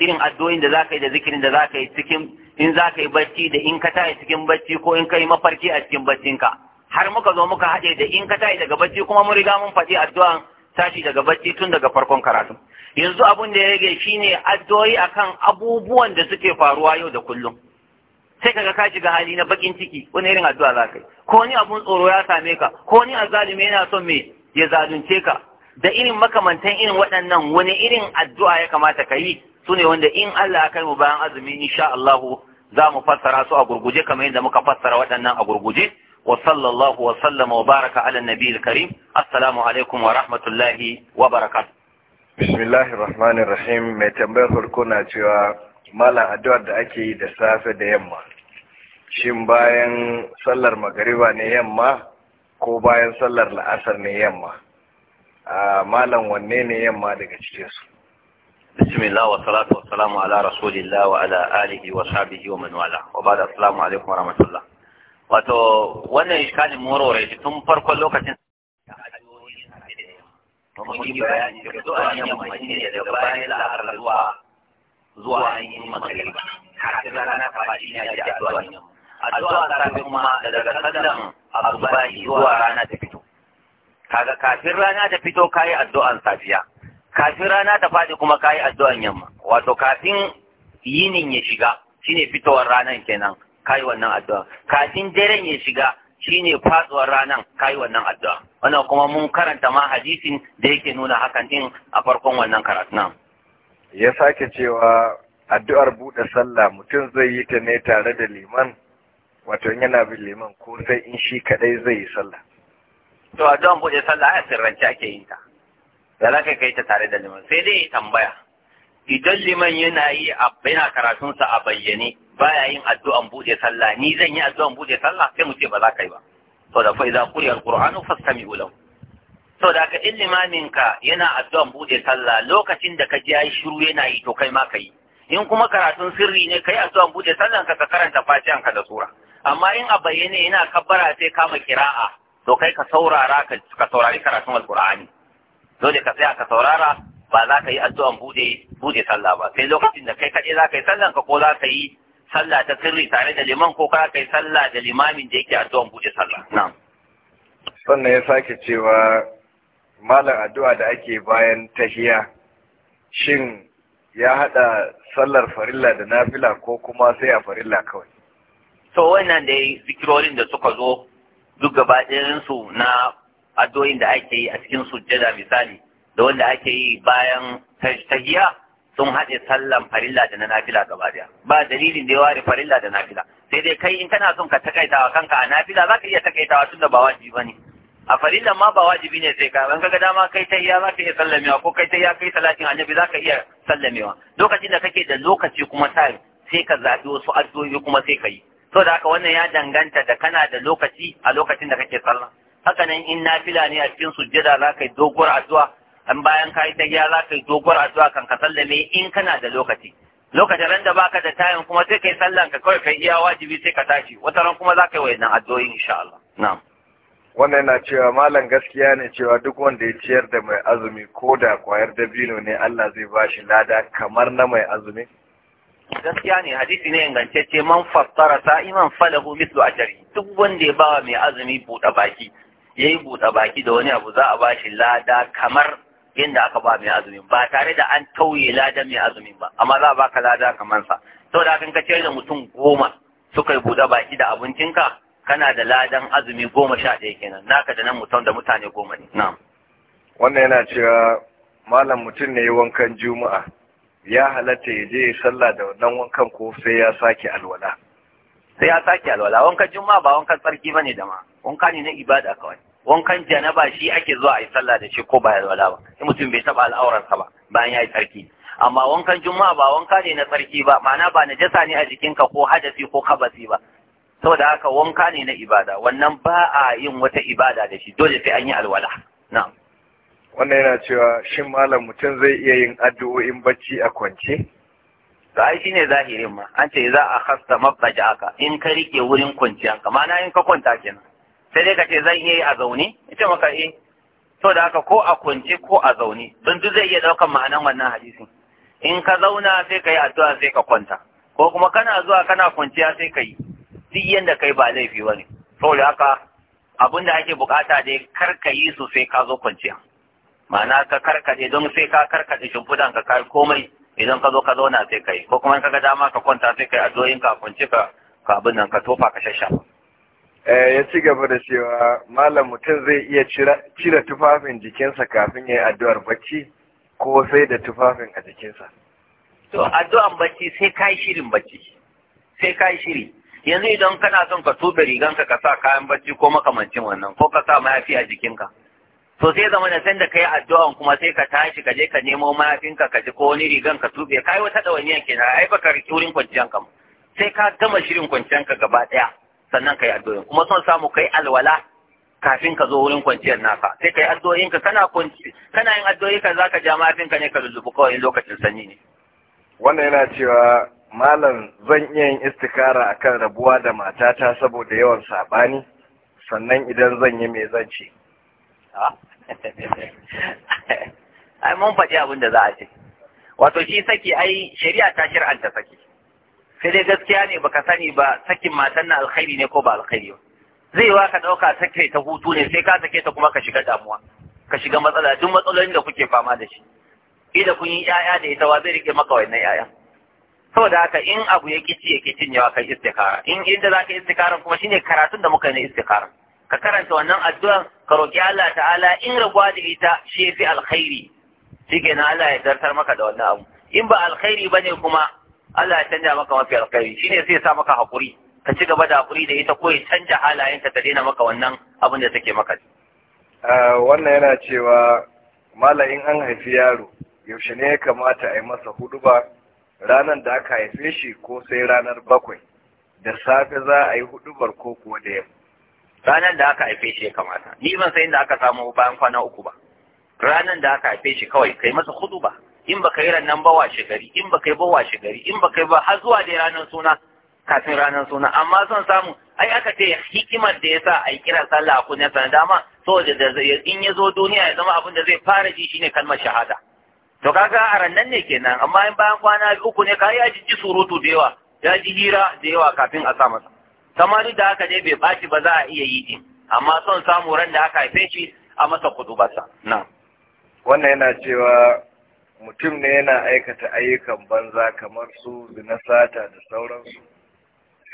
irin addu'o'in da za ka yi da zikirin da za ka yi cikin in za ka yi bacci da in ka tashi cikin bacci ko in ka yi mafarki a cikin baccinka har muka zo muka haɗe da in ka tashi daga bacci kuma mun riga mun faɗi addu'an tashi daga bacci tun daga farkon karatu yanzu abin da ya rage shine addu'o'i akan abubuwan da suke faruwa yau da kullum sai kaga ka shiga hali na bakin ciki wani irin addu'a za ka yi ko ni abun tsoro ya same ka ko ni azalimi yana son me ya zalunce ka da irin makamantan irin waɗannan wani irin addu'a ya kamata ka yi su ne wanda in Allah ya kai mu bayan azumi insha Allahu za mu fassara su a gurguje kamar yadda muka fassara waɗannan a gurguje wa sallallahu wa sallama wa baraka ala nabiyil karim assalamu alaikum wa rahmatullahi wa barakatuh bismillahir rahmanir rahim mai tambayar farko na cewa malam addu'ar da ake yi da safe da yamma shin bayan sallar magariba ne yamma ko bayan sallar la'asar ne yamma a malam wanne ne yamma daga cikin su bismillah wa salatu wa salamu ala rasulillah wa ala alihi wa sahbihi wa man wala wa ba'da assalamu alaikum wa rahmatullah wato wannan iskalin morore tun farkon lokacin to mun yi bayani da zuwa hanyar mace ne daga bayan la'asar zuwa zuwa hanyar makalin har sai rana ta faɗi ne ake addu'a ne addu'a kafin ma daga sallan asubahi zuwa rana ta fito kaga kafin rana ta fito kayi addu'an safiya kafin rana ta faɗi kuma kayi addu'an yamma wato kafin yinin ya shiga shine fitowar ranar kenan kayi wannan addu'a kafin daren ya shiga Shi ne faduwar ranar kayi wannan addu'a wannan kuma mun karanta ma hadisin da yake nuna hakan din a farkon wannan karatunan. ya sake cewa addu'ar buɗe sallah mutum zai yi ta ne tare da liman wato yana bin liman ko sai in shi kaɗai zai yi sallah to addu'ar buɗe sallah a sirrance ake yin ta da za ka kai ta tare da liman sai dai tambaya idan liman yana yi yana karatunsa a bayyane baya yin addu'an bude sallah ni zan yi addu'an bude sallah sai mu ce ba za ka yi ba So da fa idza quriya alqur'anu fastami'u lahu so da ka in limamin ka yana addu'an buɗe sallah lokacin da ka ji yi shiru yana yi to kai ma ka yi. in kuma karatun sirri ne kai addu'an bude sallar ka karanta fatihan ka da sura amma in a bayyane yana kabbara sai kama kira'a to kai ka saurara ka saurari karatun alqur'ani dole ka tsaya ka saurara ba za ka yi addu'an bude bude sallah ba sai lokacin da kai kaɗai za ka yi sallah ka ko za ka yi sallah ta sirri tare da liman ko ka yi sallah da limamin da yake addu'an bude sallah na'am sannan ya sake cewa malam addu'a da ake bayan tahiya shin ya haɗa sallar farilla da nafila ko kuma sai a farilla kawai to wannan dai zikirorin da suka zo duk gaba su na addu'o'in da ake yi a cikin sujjada misali da wanda ake yi bayan tahiya sun haɗe sallan farilla da na nafila gaba daya ba dalilin da ya ware farilla da nafila sai dai kai in kana son ka takaitawa kanka a nafila za ka iya takaitawa tunda ba wajibi ba ne a farillan ma ba wajibi ne sai ka ban ka ga dama kai tahiya za ka iya sallamewa ko kai tahiya kai salatin annabi za ka iya sallamewa lokacin da kake da lokaci kuma time sai ka zaɓi wasu addu'o'i kuma sai ka yi so da haka wannan ya danganta da kana da lokaci a lokacin da kake sallah haka nan in nafila ne a cikin sujjada za ka yi doguwar addu'a an bayan ka yi ta tahiya za ka yi dogon addu'a kan ka sallame in kana da lokaci lokacin ran da baka da tayin kuma sai kai sallan ka kawai kai iya wajibi sai ka tashi wata ran kuma za ka yi wayannan addu'o'i insha Allah wannan yana cewa malam gaskiya ne cewa duk wanda ya ciyar da mai azumi ko da kwayar dabino ne Allah zai bashi lada kamar na mai azumi gaskiya ne hadisi ne ingantacce man fassara sa'iman falahu mislu ajri duk wanda ya bawa mai azumi buɗe baki yayi buɗe baki da wani abu za a bashi lada kamar yadda aka ba mai azumin ba tare da an tauye ladan mai azumin ba amma za a baka lada kamar sa saboda kan kace da mutum goma suka yi buɗe baki da abincinka kana da ladan azumi goma sha ɗaya kenan naka da nan mutum da mutane goma ne na'am wannan yana cewa malam mutum ne yi wankan juma'a ya halatta ya je ya sallah da wannan wankan ko sai ya sake alwala sai ya sake alwala wankan juma'a ba wankan tsarki bane da ma wanka ne na ibada kawai wankan janaba shi ake zuwa a yi sallah da shi ko ba ya wala ba in mutum bai taba al'aurarsa ba bayan ya yi tsarki amma wankan juma'a ba wanka ne na tsarki ba ma'ana ba na jasa ne a jikinka ko hadasi ko kabasi ba saboda haka wanka ne na ibada wannan ba a yin wata ibada da shi dole sai an yi alwala na'am wannan yana cewa shin malam mutum zai iya yin addu'o'in bacci a kwance to ai shine zahirin ma an ce za a hasta mabbaja aka in ka rike wurin kwanciya kamar na in ka kwanta kenan sai dai ka ce zan iya yi a zaune ita maka eh to da haka ko a kwance ko a zaune don duk zai iya ɗaukan ma'anan wannan hadisin in ka zauna sai ka yi addu'a sai ka kwanta ko kuma kana zuwa kana kwanciya sai ka yi duk yanda kai ba laifi ba ne da haka abin da ake bukata dai kar ka yi su sai ka zo kwanciya ma'ana ka karkade don sai ka karkade shimfiɗan ka kai komai idan ka zo ka zauna sai ka yi ko kuma in ka ga dama ka kwanta sai ka yi in ka kwance ka ka abin nan ka tofa ka shashafa Eh, ya ci gaba da cewa malam mutum zai iya cire tufafin jikinsa kafin ya yi addu'ar bacci ko sai da tufafin a jikinsa. To, addu'an bacci sai ka yi shirin bacci, sai ka yi shiri. Yanzu idan kana son ka tuɓe riganka ka sa kayan bacci ko makamancin wannan ko ka sa mayafi a jikinka. To sai zama da sanda ka yi addu'an kuma sai ka tashi ka je ka nemo mayafinka ka ji ko wani rigan ka tuɓe ka yi wata ɗawainiyar kenan ai baka riƙe wurin kwanciyanka sai ka gama shirin kwanciyanka gaba ɗaya. sannan kai addu'o'in kuma son samu kai alwala kafin ka zo wurin kwanciyar naka sai kai addu'o'in ka kana kwanci kana yin addu'o'i ka zaka ja mafin ka ne ka lullubu kawai lokacin sanyi ne wannan yana cewa malam zan iya yin istikara akan rabuwa da matata saboda yawan sabani sannan idan zan yi me zan ce ah. ai mun faɗi abin da za a ce wato shi saki ai shari'a ta shir'anta saki sai dai gaskiya ne baka sani ba sakin matan na alkhairi ne ko ba alkhairi ba zai wa ka ɗauka sake ta hutu ne sai ka sake ta kuma ka shiga damuwa ka shiga matsala duk matsalolin da kuke fama da shi idan kun yi ƴaƴa da ita wa zai rike maka wannan ƴaƴa saboda haka in abu ya kici ya kicin yawa kai istikara in inda za ka istikara kuma shine karatun da muka yi na istikara ka karanta wannan addu'an ka roki Allah ta'ala in rabuwa da ita shi fi alkhairi shi na Allah ya zartar maka da wannan abu in ba alkhairi bane kuma Allah ya canja maka mafi alkhairi shi sai zai sa maka haƙuri. ka ci gaba da haƙuri da ita ko ya canja halayenka ta daina maka wannan abin da take maka wannan yana cewa malam in an haifi yaro yaushe ne ya kamata a yi masa ba? ranar da aka haife shi ko sai ranar bakwai da safe za a yi bar ko kuwa da yamma ranar da aka haife shi ya kamata ni ban san inda aka samu bayan kwana uku ba ranar da aka haife shi kawai kai masa ba. in baka yi nan ba washe gari in baka yi ba washe gari in baka yi ba har zuwa da ranar suna kafin ranar suna amma son samu ai aka ce hikimar da yasa ai kira sallah a ne san dama saboda da in ya zo duniya ya zama abin da zai fara ji shine kalmar shahada to kaga a nan ne kenan amma in bayan kwana uku ne kai ya ji surutu da yawa ya ji hira da yawa kafin a sa masa kamar da haka ne bai baci ba za a iya yi din amma son samu ran da aka haife shi a masa kudubarsa na wannan yana cewa mutum ne yana aikata ayyukan banza kamar su na sata da sauransu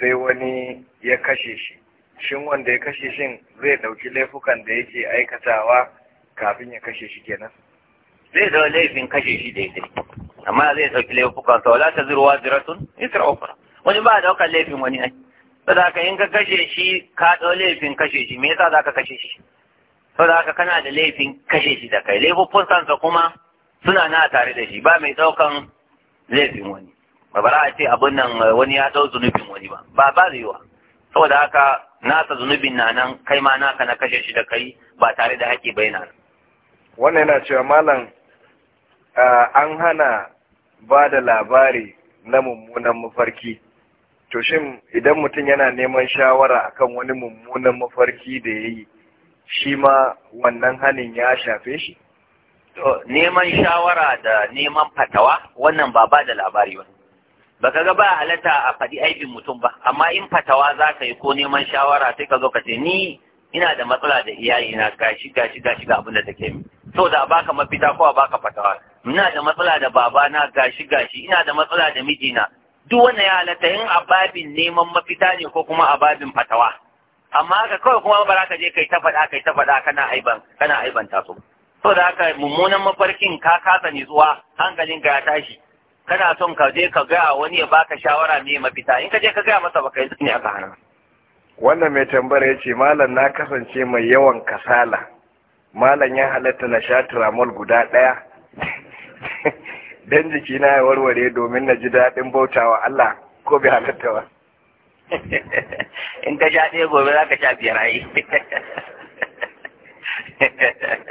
sai wani ya kashe shi shin wanda ya kashe shin zai dauki laifukan da yake aikatawa kafin ya kashe shi kenan zai da laifin kashe shi daidai amma zai dauki laifukan sa wala ta zirwa ziratun isra ukra wani ba dauka laifin wani ai saboda ka in ka kashe shi ka dau laifin kashe shi me yasa zaka kashe shi saboda ka kana da laifin kashe shi da kai laifin sa kuma suna na tare da shi ba mai ɗaukan laifin wani ba ba a ce abin nan eh, wani ya dau zunubin wani ba ba ba yiwa saboda haka nasa zunubin na nan kai ma naka na kashe shi da kai ba tare da haƙƙi bayyana wannan yana cewa malam an hana ba da labari na mummunan mafarki to shin idan mutum yana neman shawara akan wani mummunan mafarki da ya yi shi ma wannan hanin ya shafe shi neman shawara da neman fatawa wannan ba ba da labari ba ba ka ga ba halatta a faɗi aibin mutum ba amma in fatawa za ka yi ko neman shawara sai ka zo ka ce ni ina da matsala da iyayena gashi gashi gashi ga abin da take min so da baka mafita ko a baka fatawa ina da matsala da babana gashi gashi ina da matsala da mijina duk wannan ya halatta in ababin neman mafita ne ko kuma ababin fatawa amma haka kawai kuma ba za ka je kai ta faɗa kai ta faɗa kana aiban kana aiban taso so da haka mummunan mafarkin ka kasa zuwa, hankalin ga ya tashi kana son ka je ka ga wani ya baka shawara ne mafita in ka je ka ga masa baka yi ne a wannan mai tambayar ya ce malam na kasance mai yawan kasala malam ya halatta na sha turamol guda ɗaya don jiki na ya warware domin na ji daɗin bautawa Allah ko bai halatta ba in ka sha ɗaya gobe za ka sha biyar ayi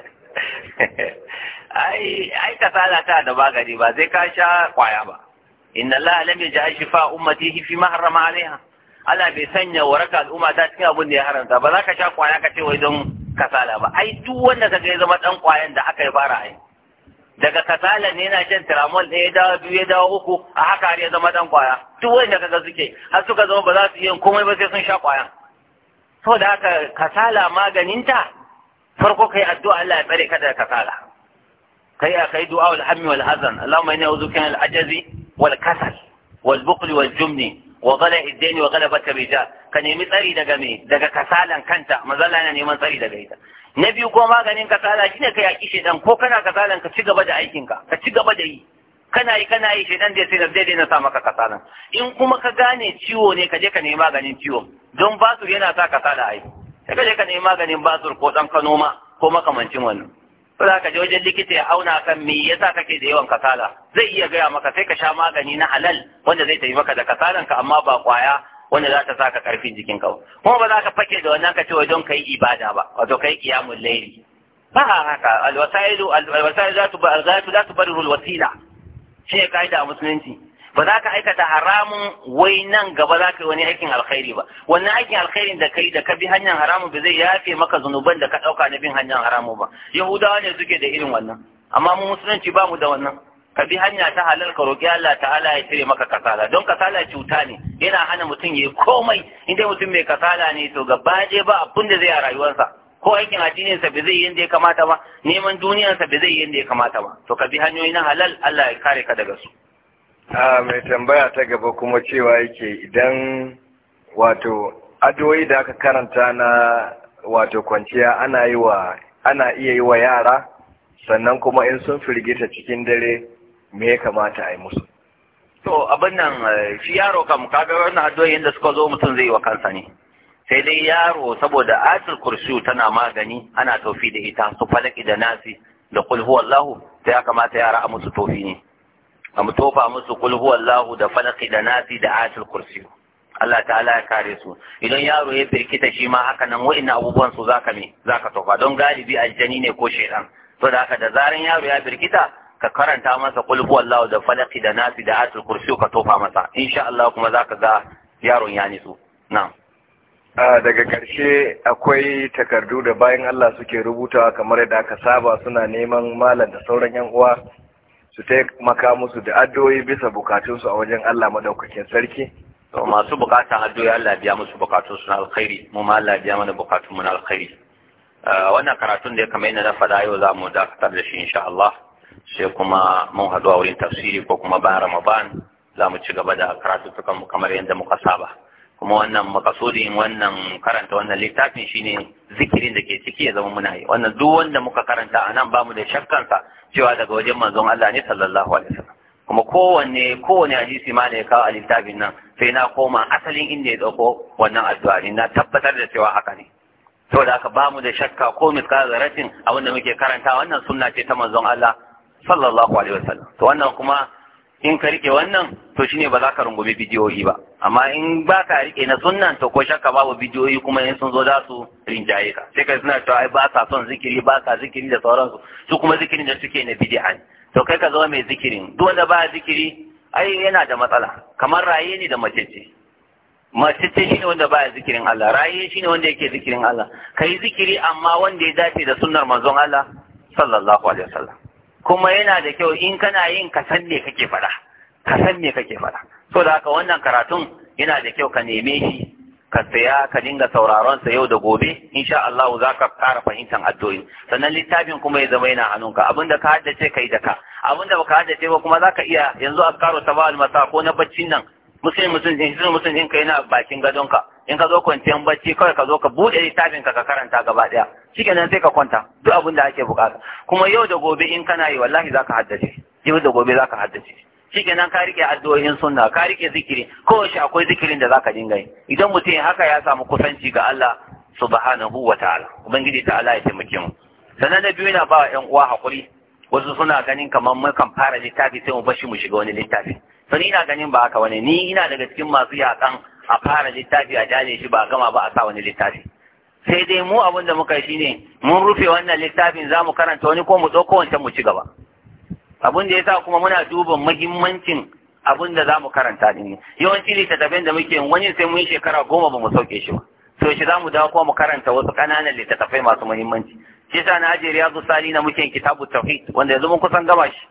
ai kasala ta da magani ba zai ka sha kwaya ba inna Allah lam yaj'al shifa ummatihi fi ma harrama alaiha Allah bai sanya waraka al'umma ta cikin abin da ya haranta ba za ka sha kwaya ka ce wai don kasala ba ai duk wanda kaga ya zama dan kwayan da aka yi fara ai daga kasala ne yana shan tiramol da ya dawo biyu ya dawo uku a haka har ya zama dan kwaya duk wanda kaga suke har suka zama ba za su yi komai ba sai sun sha kwaya saboda haka kasala maganinta farko kai addu'a Allah ya tsare ka daga kasala kai a kai du'a wal hammi wal hazan Allahumma inni a'udhu bika min al ajazi wal kasal wal buqli wal jumni wa ghala ka nemi tsari daga me daga kasalan kanta mazalla yana neman tsari daga ita na biyu ko maganin kasala shine kai yaki shedan ko kana kasalan ka ci gaba da aikin ka ka ci gaba da yi kana yi kana yi shedan da sai zai daina sa maka kasalan in kuma ka gane ciwo ne ka je ka nemi maganin ciwo don basu yana sa kasala ai sai ka ka nemi maganin basur ko dan kano ma ko makamancin wannan to za ka je wajen likita ya auna kan me yasa kake da yawan kasala zai iya gaya maka sai ka sha magani na halal wanda zai tafi maka da kasalan ka amma ba kwaya wanda za ta sa ka karfin jikin ka kuma ba za ka fake da wannan ka ce wajen kai ibada ba wato kai qiyamul layli ba haka alwasailu alwasailu za tu za tu barru alwasila shi ne kaida a musulunci ba za ka aikata haramun wai nan gaba za ka yi wani aikin alkhairi ba wannan aikin alkhairin da kai da ka bi hanyar haramun ba zai yafe maka zunuban da ka ɗauka na bin hanyar haramun ba yahudawa ne suke da irin wannan amma mu musulunci ba mu da wannan ka bi hanya ta halal ka roƙi Allah ta'ala ya cire maka kasala don kasala cuta ne yana hana mutum ya komai inda mutum mai kasala ne to gaba je ba abinda da zai a rayuwarsa ko aikin addininsa bai zai yanda ya kamata ba neman duniyarsa bai zai yanda ya kamata ba to ka bi hanyoyi na halal Allah ya kare ka daga su a mai tambaya ta gaba kuma cewa yake idan wato adoyi da aka karanta na wato kwanciya ana yi wa ana iya yi wa yara sannan kuma in sun firgita cikin dare me ya kamata a yi musu to abin nan eh, shi yaro kam kaga wannan adoyin da suka zo mutum zai yi wa kansa ne sai dai yaro saboda atul kursu tana magani ana tofi da ita su falaki da nasi da kulhu wallahu sai ya kamata yara a musu tofi ne a mu tofa musu kulhu Allahu da falaki da nasi da ayatul kursi Allah ta'ala ya kare su idan yaro ya birkita shi ma haka nan wa'in abubuwan su zaka me zaka tofa don galibi aljani ne ko shaidan to da haka da zaran yaro ya birkita ka karanta masa kulhu Allahu da falaki da nasi da ayatul kursi ka tofa masa insha Allah kuma zaka ga yaron ya nisu na'am daga ƙarshe akwai takardu da bayan Allah suke rubutawa kamar yadda aka saba suna neman malam da sauran 'yan uwa su taimaka musu da addu'o'i bisa bukatunsu a wajen Allah madaukakin sarki to masu bukatan addu'o'i Allah biya musu bukatunsu na alkhairi mu ma Allah biya mana bukatunmu na alkhairi eh, wannan karatun da ya kamar yadda na faɗa yau za mu dakatar da shi insha Allah sai kuma mun haɗu a wurin tafsiri ko kuma bayan Ramadan za mu ci gaba da karatu kamar yadda muka saba kuma wannan makasudin wannan karanta wannan littafin shine zikirin da ke ciki ya zama muna yi wannan duk wanda muka karanta anan bamu da shakkansa cewa daga wajen manzon Allah ne sallallahu alaihi wasallam kuma kowanne kowanne hadisi ma da ya kawo a littafin nan sai na koma asalin inda ya dauko wannan addu'a ne na tabbatar da cewa haka ne to da aka bamu da shakka ko miskar zaratin abin da muke karanta wannan sunna ce ta manzon Allah sallallahu alaihi wasallam to wannan kuma in ka rike wannan to shine ba za ka rungumi bidiyoyi ba amma in ba ka rike na sunnan to ko shakka babu bidiyoyi kuma in sun zo za su rinjaye ka sai kai suna cewa ai ba sa son zikiri ba sa zikiri da sauransu su kuma zikirin da suke na bid'a to kai ka zama mai zikirin duk wanda ba zikiri ai yana da matsala kamar raye ne da mace ce. mace ce shine wanda ba zikirin Allah raye shine wanda yake zikirin Allah kai zikiri amma wanda ya dace da sunnar manzon Allah sallallahu alaihi wasallam kuma yana da kyau in kana yin ka san me kake faɗa ka san me kake faɗa so da haka wannan karatun yana da kyau ka neme shi ka saya ka dinga sauraron sa yau da gobe insha Allah za ka fara fahimtar addu'o'i sannan littafin kuma ya zama yana hannunka abinda ka haddace kai da ka abinda baka haddace ba kuma zaka iya yanzu azkaru tabal al-masa ko na baccin nan musulmi musulmi sun in kai na bakin gadonka in ka zo kwanciyar bacci kawai ka zo ka buɗe littafin ka ka karanta gaba ɗaya nan sai ka kwanta duk abin da ake bukata kuma yau da gobe in kana yi wallahi ka haddace yau da gobe za ka haddace nan ka rike addu'o'in sunna ka rike zikiri kowace akwai zikirin da za ka dinga yi idan mutum haka ya samu kusanci ga Allah subhanahu wa ta'ala ubangiji ta'ala ya taimake mu sannan na biyu yana ba wa ƴan uwa hakuri wasu suna ganin kamar mun kan fara littafi sai mu bashi mu shiga wani littafi sani ni ina ganin ba haka wani, ni ina daga cikin masu yakan a fara littafi a jale shi ba gama ba a sa wani littafi sai dai mu abin da muka shi ne mun rufe wannan littafin za mu karanta wani ko mu tsoko wancan mu ci gaba abin da ya sa kuma muna duba muhimmancin abin da za mu karanta ne yawanci littattafan da muke wani sai mun yi shekara goma ba mu sauke shi ba to shi za mu dawo kuma mu karanta wasu ƙananan littattafai masu muhimmanci shi sa na ajiyar yazu sali na muke kitabu tafi wanda yanzu mun kusan gama shi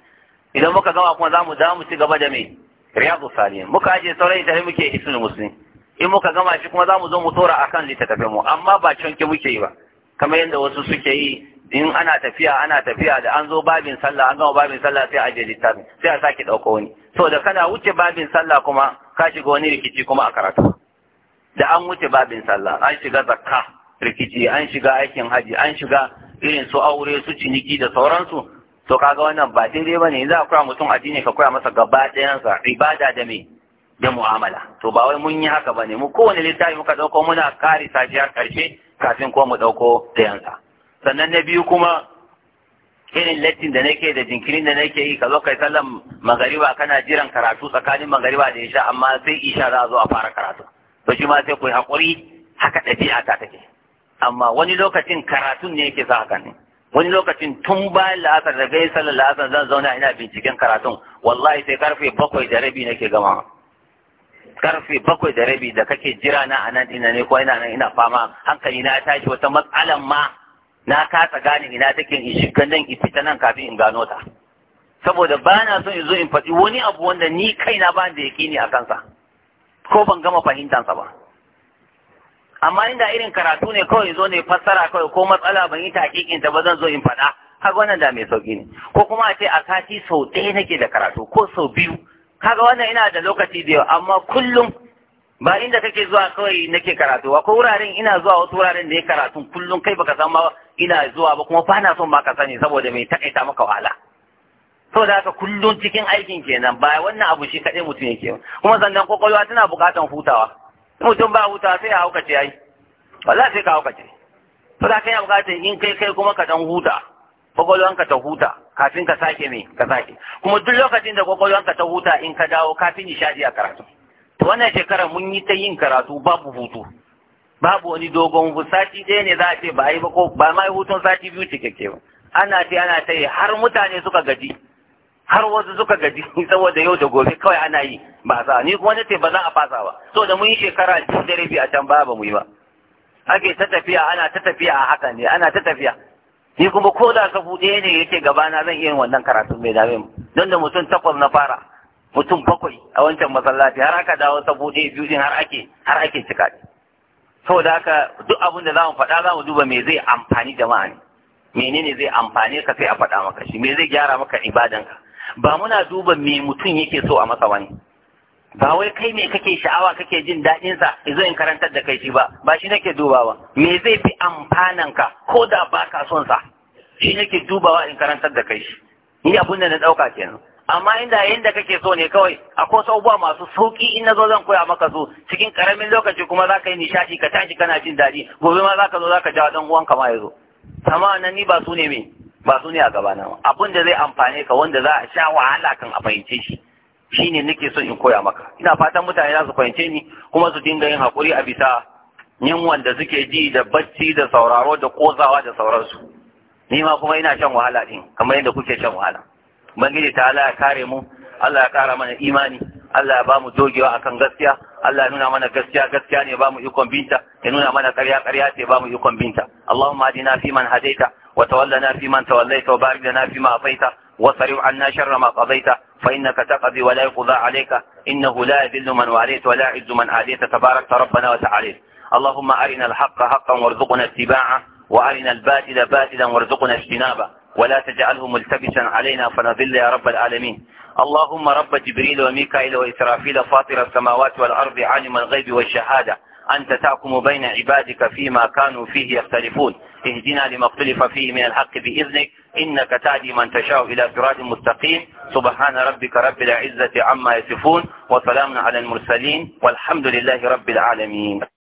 idan muka gama kuma za mu za mu ci gaba da me riyadu salihin muka aje sauran littafi muke isnul muslim in muka gama shi kuma za mu zo mu tora akan littattafai mu amma ba canke muke yi ba kamar yadda wasu suke yi in ana tafiya ana tafiya da an zo babin sallah an gama babin sallah sai aje littafin sai a sake ɗauko wani da kana wuce babin sallah kuma ka shiga wani rikici kuma a karatu da an wuce babin sallah an shiga zakka rikici an shiga aikin haji an shiga irin su aure su ciniki da sauransu to kaga wannan ba daidai bane yanzu kura mutum addini ka koya masa gaba ɗayansa ibada da me da mu'amala to ba wai mun yi haka bane mu kowane littafi muka dauko muna kare sashi har karshe kafin ko mu dauko ɗayansa sannan na biyu kuma irin lattin da nake da jinkirin da nake yi ka zo kai sallan magariba kana jiran karatu tsakanin magariba da isha amma sai isha za a zo a fara karatu to shi ma sai ku yi haƙuri haka ɗabi'a ta take amma wani lokacin karatun ne yake sa hakan ne wani lokacin tun bayan la'asar da gai sallar la'asar zan zauna ina binciken karatun wallahi sai karfe bakwai da rabi nake gama karfe bakwai da rabi da kake jira na a nan ina ne ko ina nan ina fama hankali na tashi wata matsalan ma na kasa gane ina take in shiga nan in fita nan kafin in gano ta saboda ba na son in zo in faɗi wani abu wanda ni kaina ba da yake ni a kansa ko ban gama fahimtansa ba amma inda irin karatu ne kawai zo ne fassara kawai ko matsala ban yi taƙiƙin ta ba zan zo in faɗa kaga wannan da mai sauki ne ko kuma a ce a sati sau ɗaya nake da karatu ko sau biyu kaga wannan ina da lokaci da yawa amma kullum ba inda kake zuwa kawai nake karatu ba ko wuraren ina zuwa wasu wuraren da ya karatu kullum kai baka san ma ina zuwa ba kuma bana son ba ka sani saboda mai takaita maka wahala saboda haka kullum cikin aikin kenan ba wannan abu shi kaɗai mutum yake kuma sannan kwakwalwa tana buƙatar hutawa mutum ba huta sai a haukace yayi wallahi sai ka haukace to da kai ya bukata in kai kai kuma ka dan huta ka ta huta kafin ka sake me ka sake kuma duk lokacin da ka ta huta in ka dawo kafin nishadi a karatu to wannan shekarar mun yi ta yin karatu babu hutu babu wani dogon hutu sati ɗaya ne za a ce ba a yi ba ko ba ma hutun sati biyu cikakke ba ana ce ana ta har mutane suka gaji har wasu suka gaji saboda yau da gobe kawai ana yi ba sa ni kuma na ce ba za a fasa ba so da mun yi shekara biyu da biyu a can ba ba mu yi ba ake ta tafiya ana ta tafiya a haka ne ana ta tafiya ni kuma ko da ka buɗe ne yake gaba na zan iya yin wannan karatun mai dame mu don da mutum takwas na fara mutum bakwai a wancan masallaci har aka dawo ta buɗe biyu din har ake har ake cika saboda haka duk abin da za mu faɗa za mu duba me zai amfani jama'a ne menene zai amfane ka sai a faɗa maka shi me zai gyara maka ibadanka ba muna duba me mutum yake so a masa wani ba wai kai me kake sha'awa kake jin daɗin sa izo in karantar da kai shi ba ba shi nake dubawa me zai fi amfanan ka ko da ba ka son sa shi nake dubawa in karantar da kai shi ni abun da na ɗauka kenan amma inda yanda kake so ne kawai akwai wasu masu sauki in nazo zan koya maka su cikin karamin lokaci kuma za ka yi nishadi ka tashi kana jin daɗi gobe ma za ka zo za ka jawo ɗan uwanka ma ya zo amma nan ni ba su ne me ba su ne a gabana ba abin da zai amfane ka wanda za a sha wahala kan a fahimce shi shine nake so in koya maka ina fatan mutane za su fahimce ni kuma su dinga yin hakuri a bisa yin wanda suke ji da bacci da sauraro da kozawa da sauransu ni ma kuma ina shan wahala din kamar yadda kuke shan wahala ubangiji ta Allah ya kare mu Allah ya kara mana imani Allah ya ba mu dogewa akan gaskiya Allah ya nuna mana gaskiya gaskiya ne ba mu ikon binta ya nuna mana ƙarya ƙarya ce ba mu ikon binta Allahumma adina fi man hadaita وتولنا فيمن توليت وبارك لنا فيما أعطيت وصرف عنا شر ما قضيت فإنك تقضي ولا يقضى عليك إنه لا يذل من واليت ولا يعز من عاديت تبارك ربنا وتعاليت اللهم أرنا الحق حقا وارزقنا اتباعه وأرنا الباطل باطلا وارزقنا اجتنابه ولا تجعله ملتبسا علينا فنضل يا رب العالمين اللهم رب جبريل وميكائيل وإسرافيل فاطر السماوات والأرض عالم الغيب والشهادة أنت تحكم بين عبادك فيما كانوا فيه يختلفون اهدنا لما اختلف فيه من الحق بإذنك إنك تهدي من تشاء إلى صراط مستقيم سبحان ربك رب العزة عما يصفون وسلام على المرسلين والحمد لله رب العالمين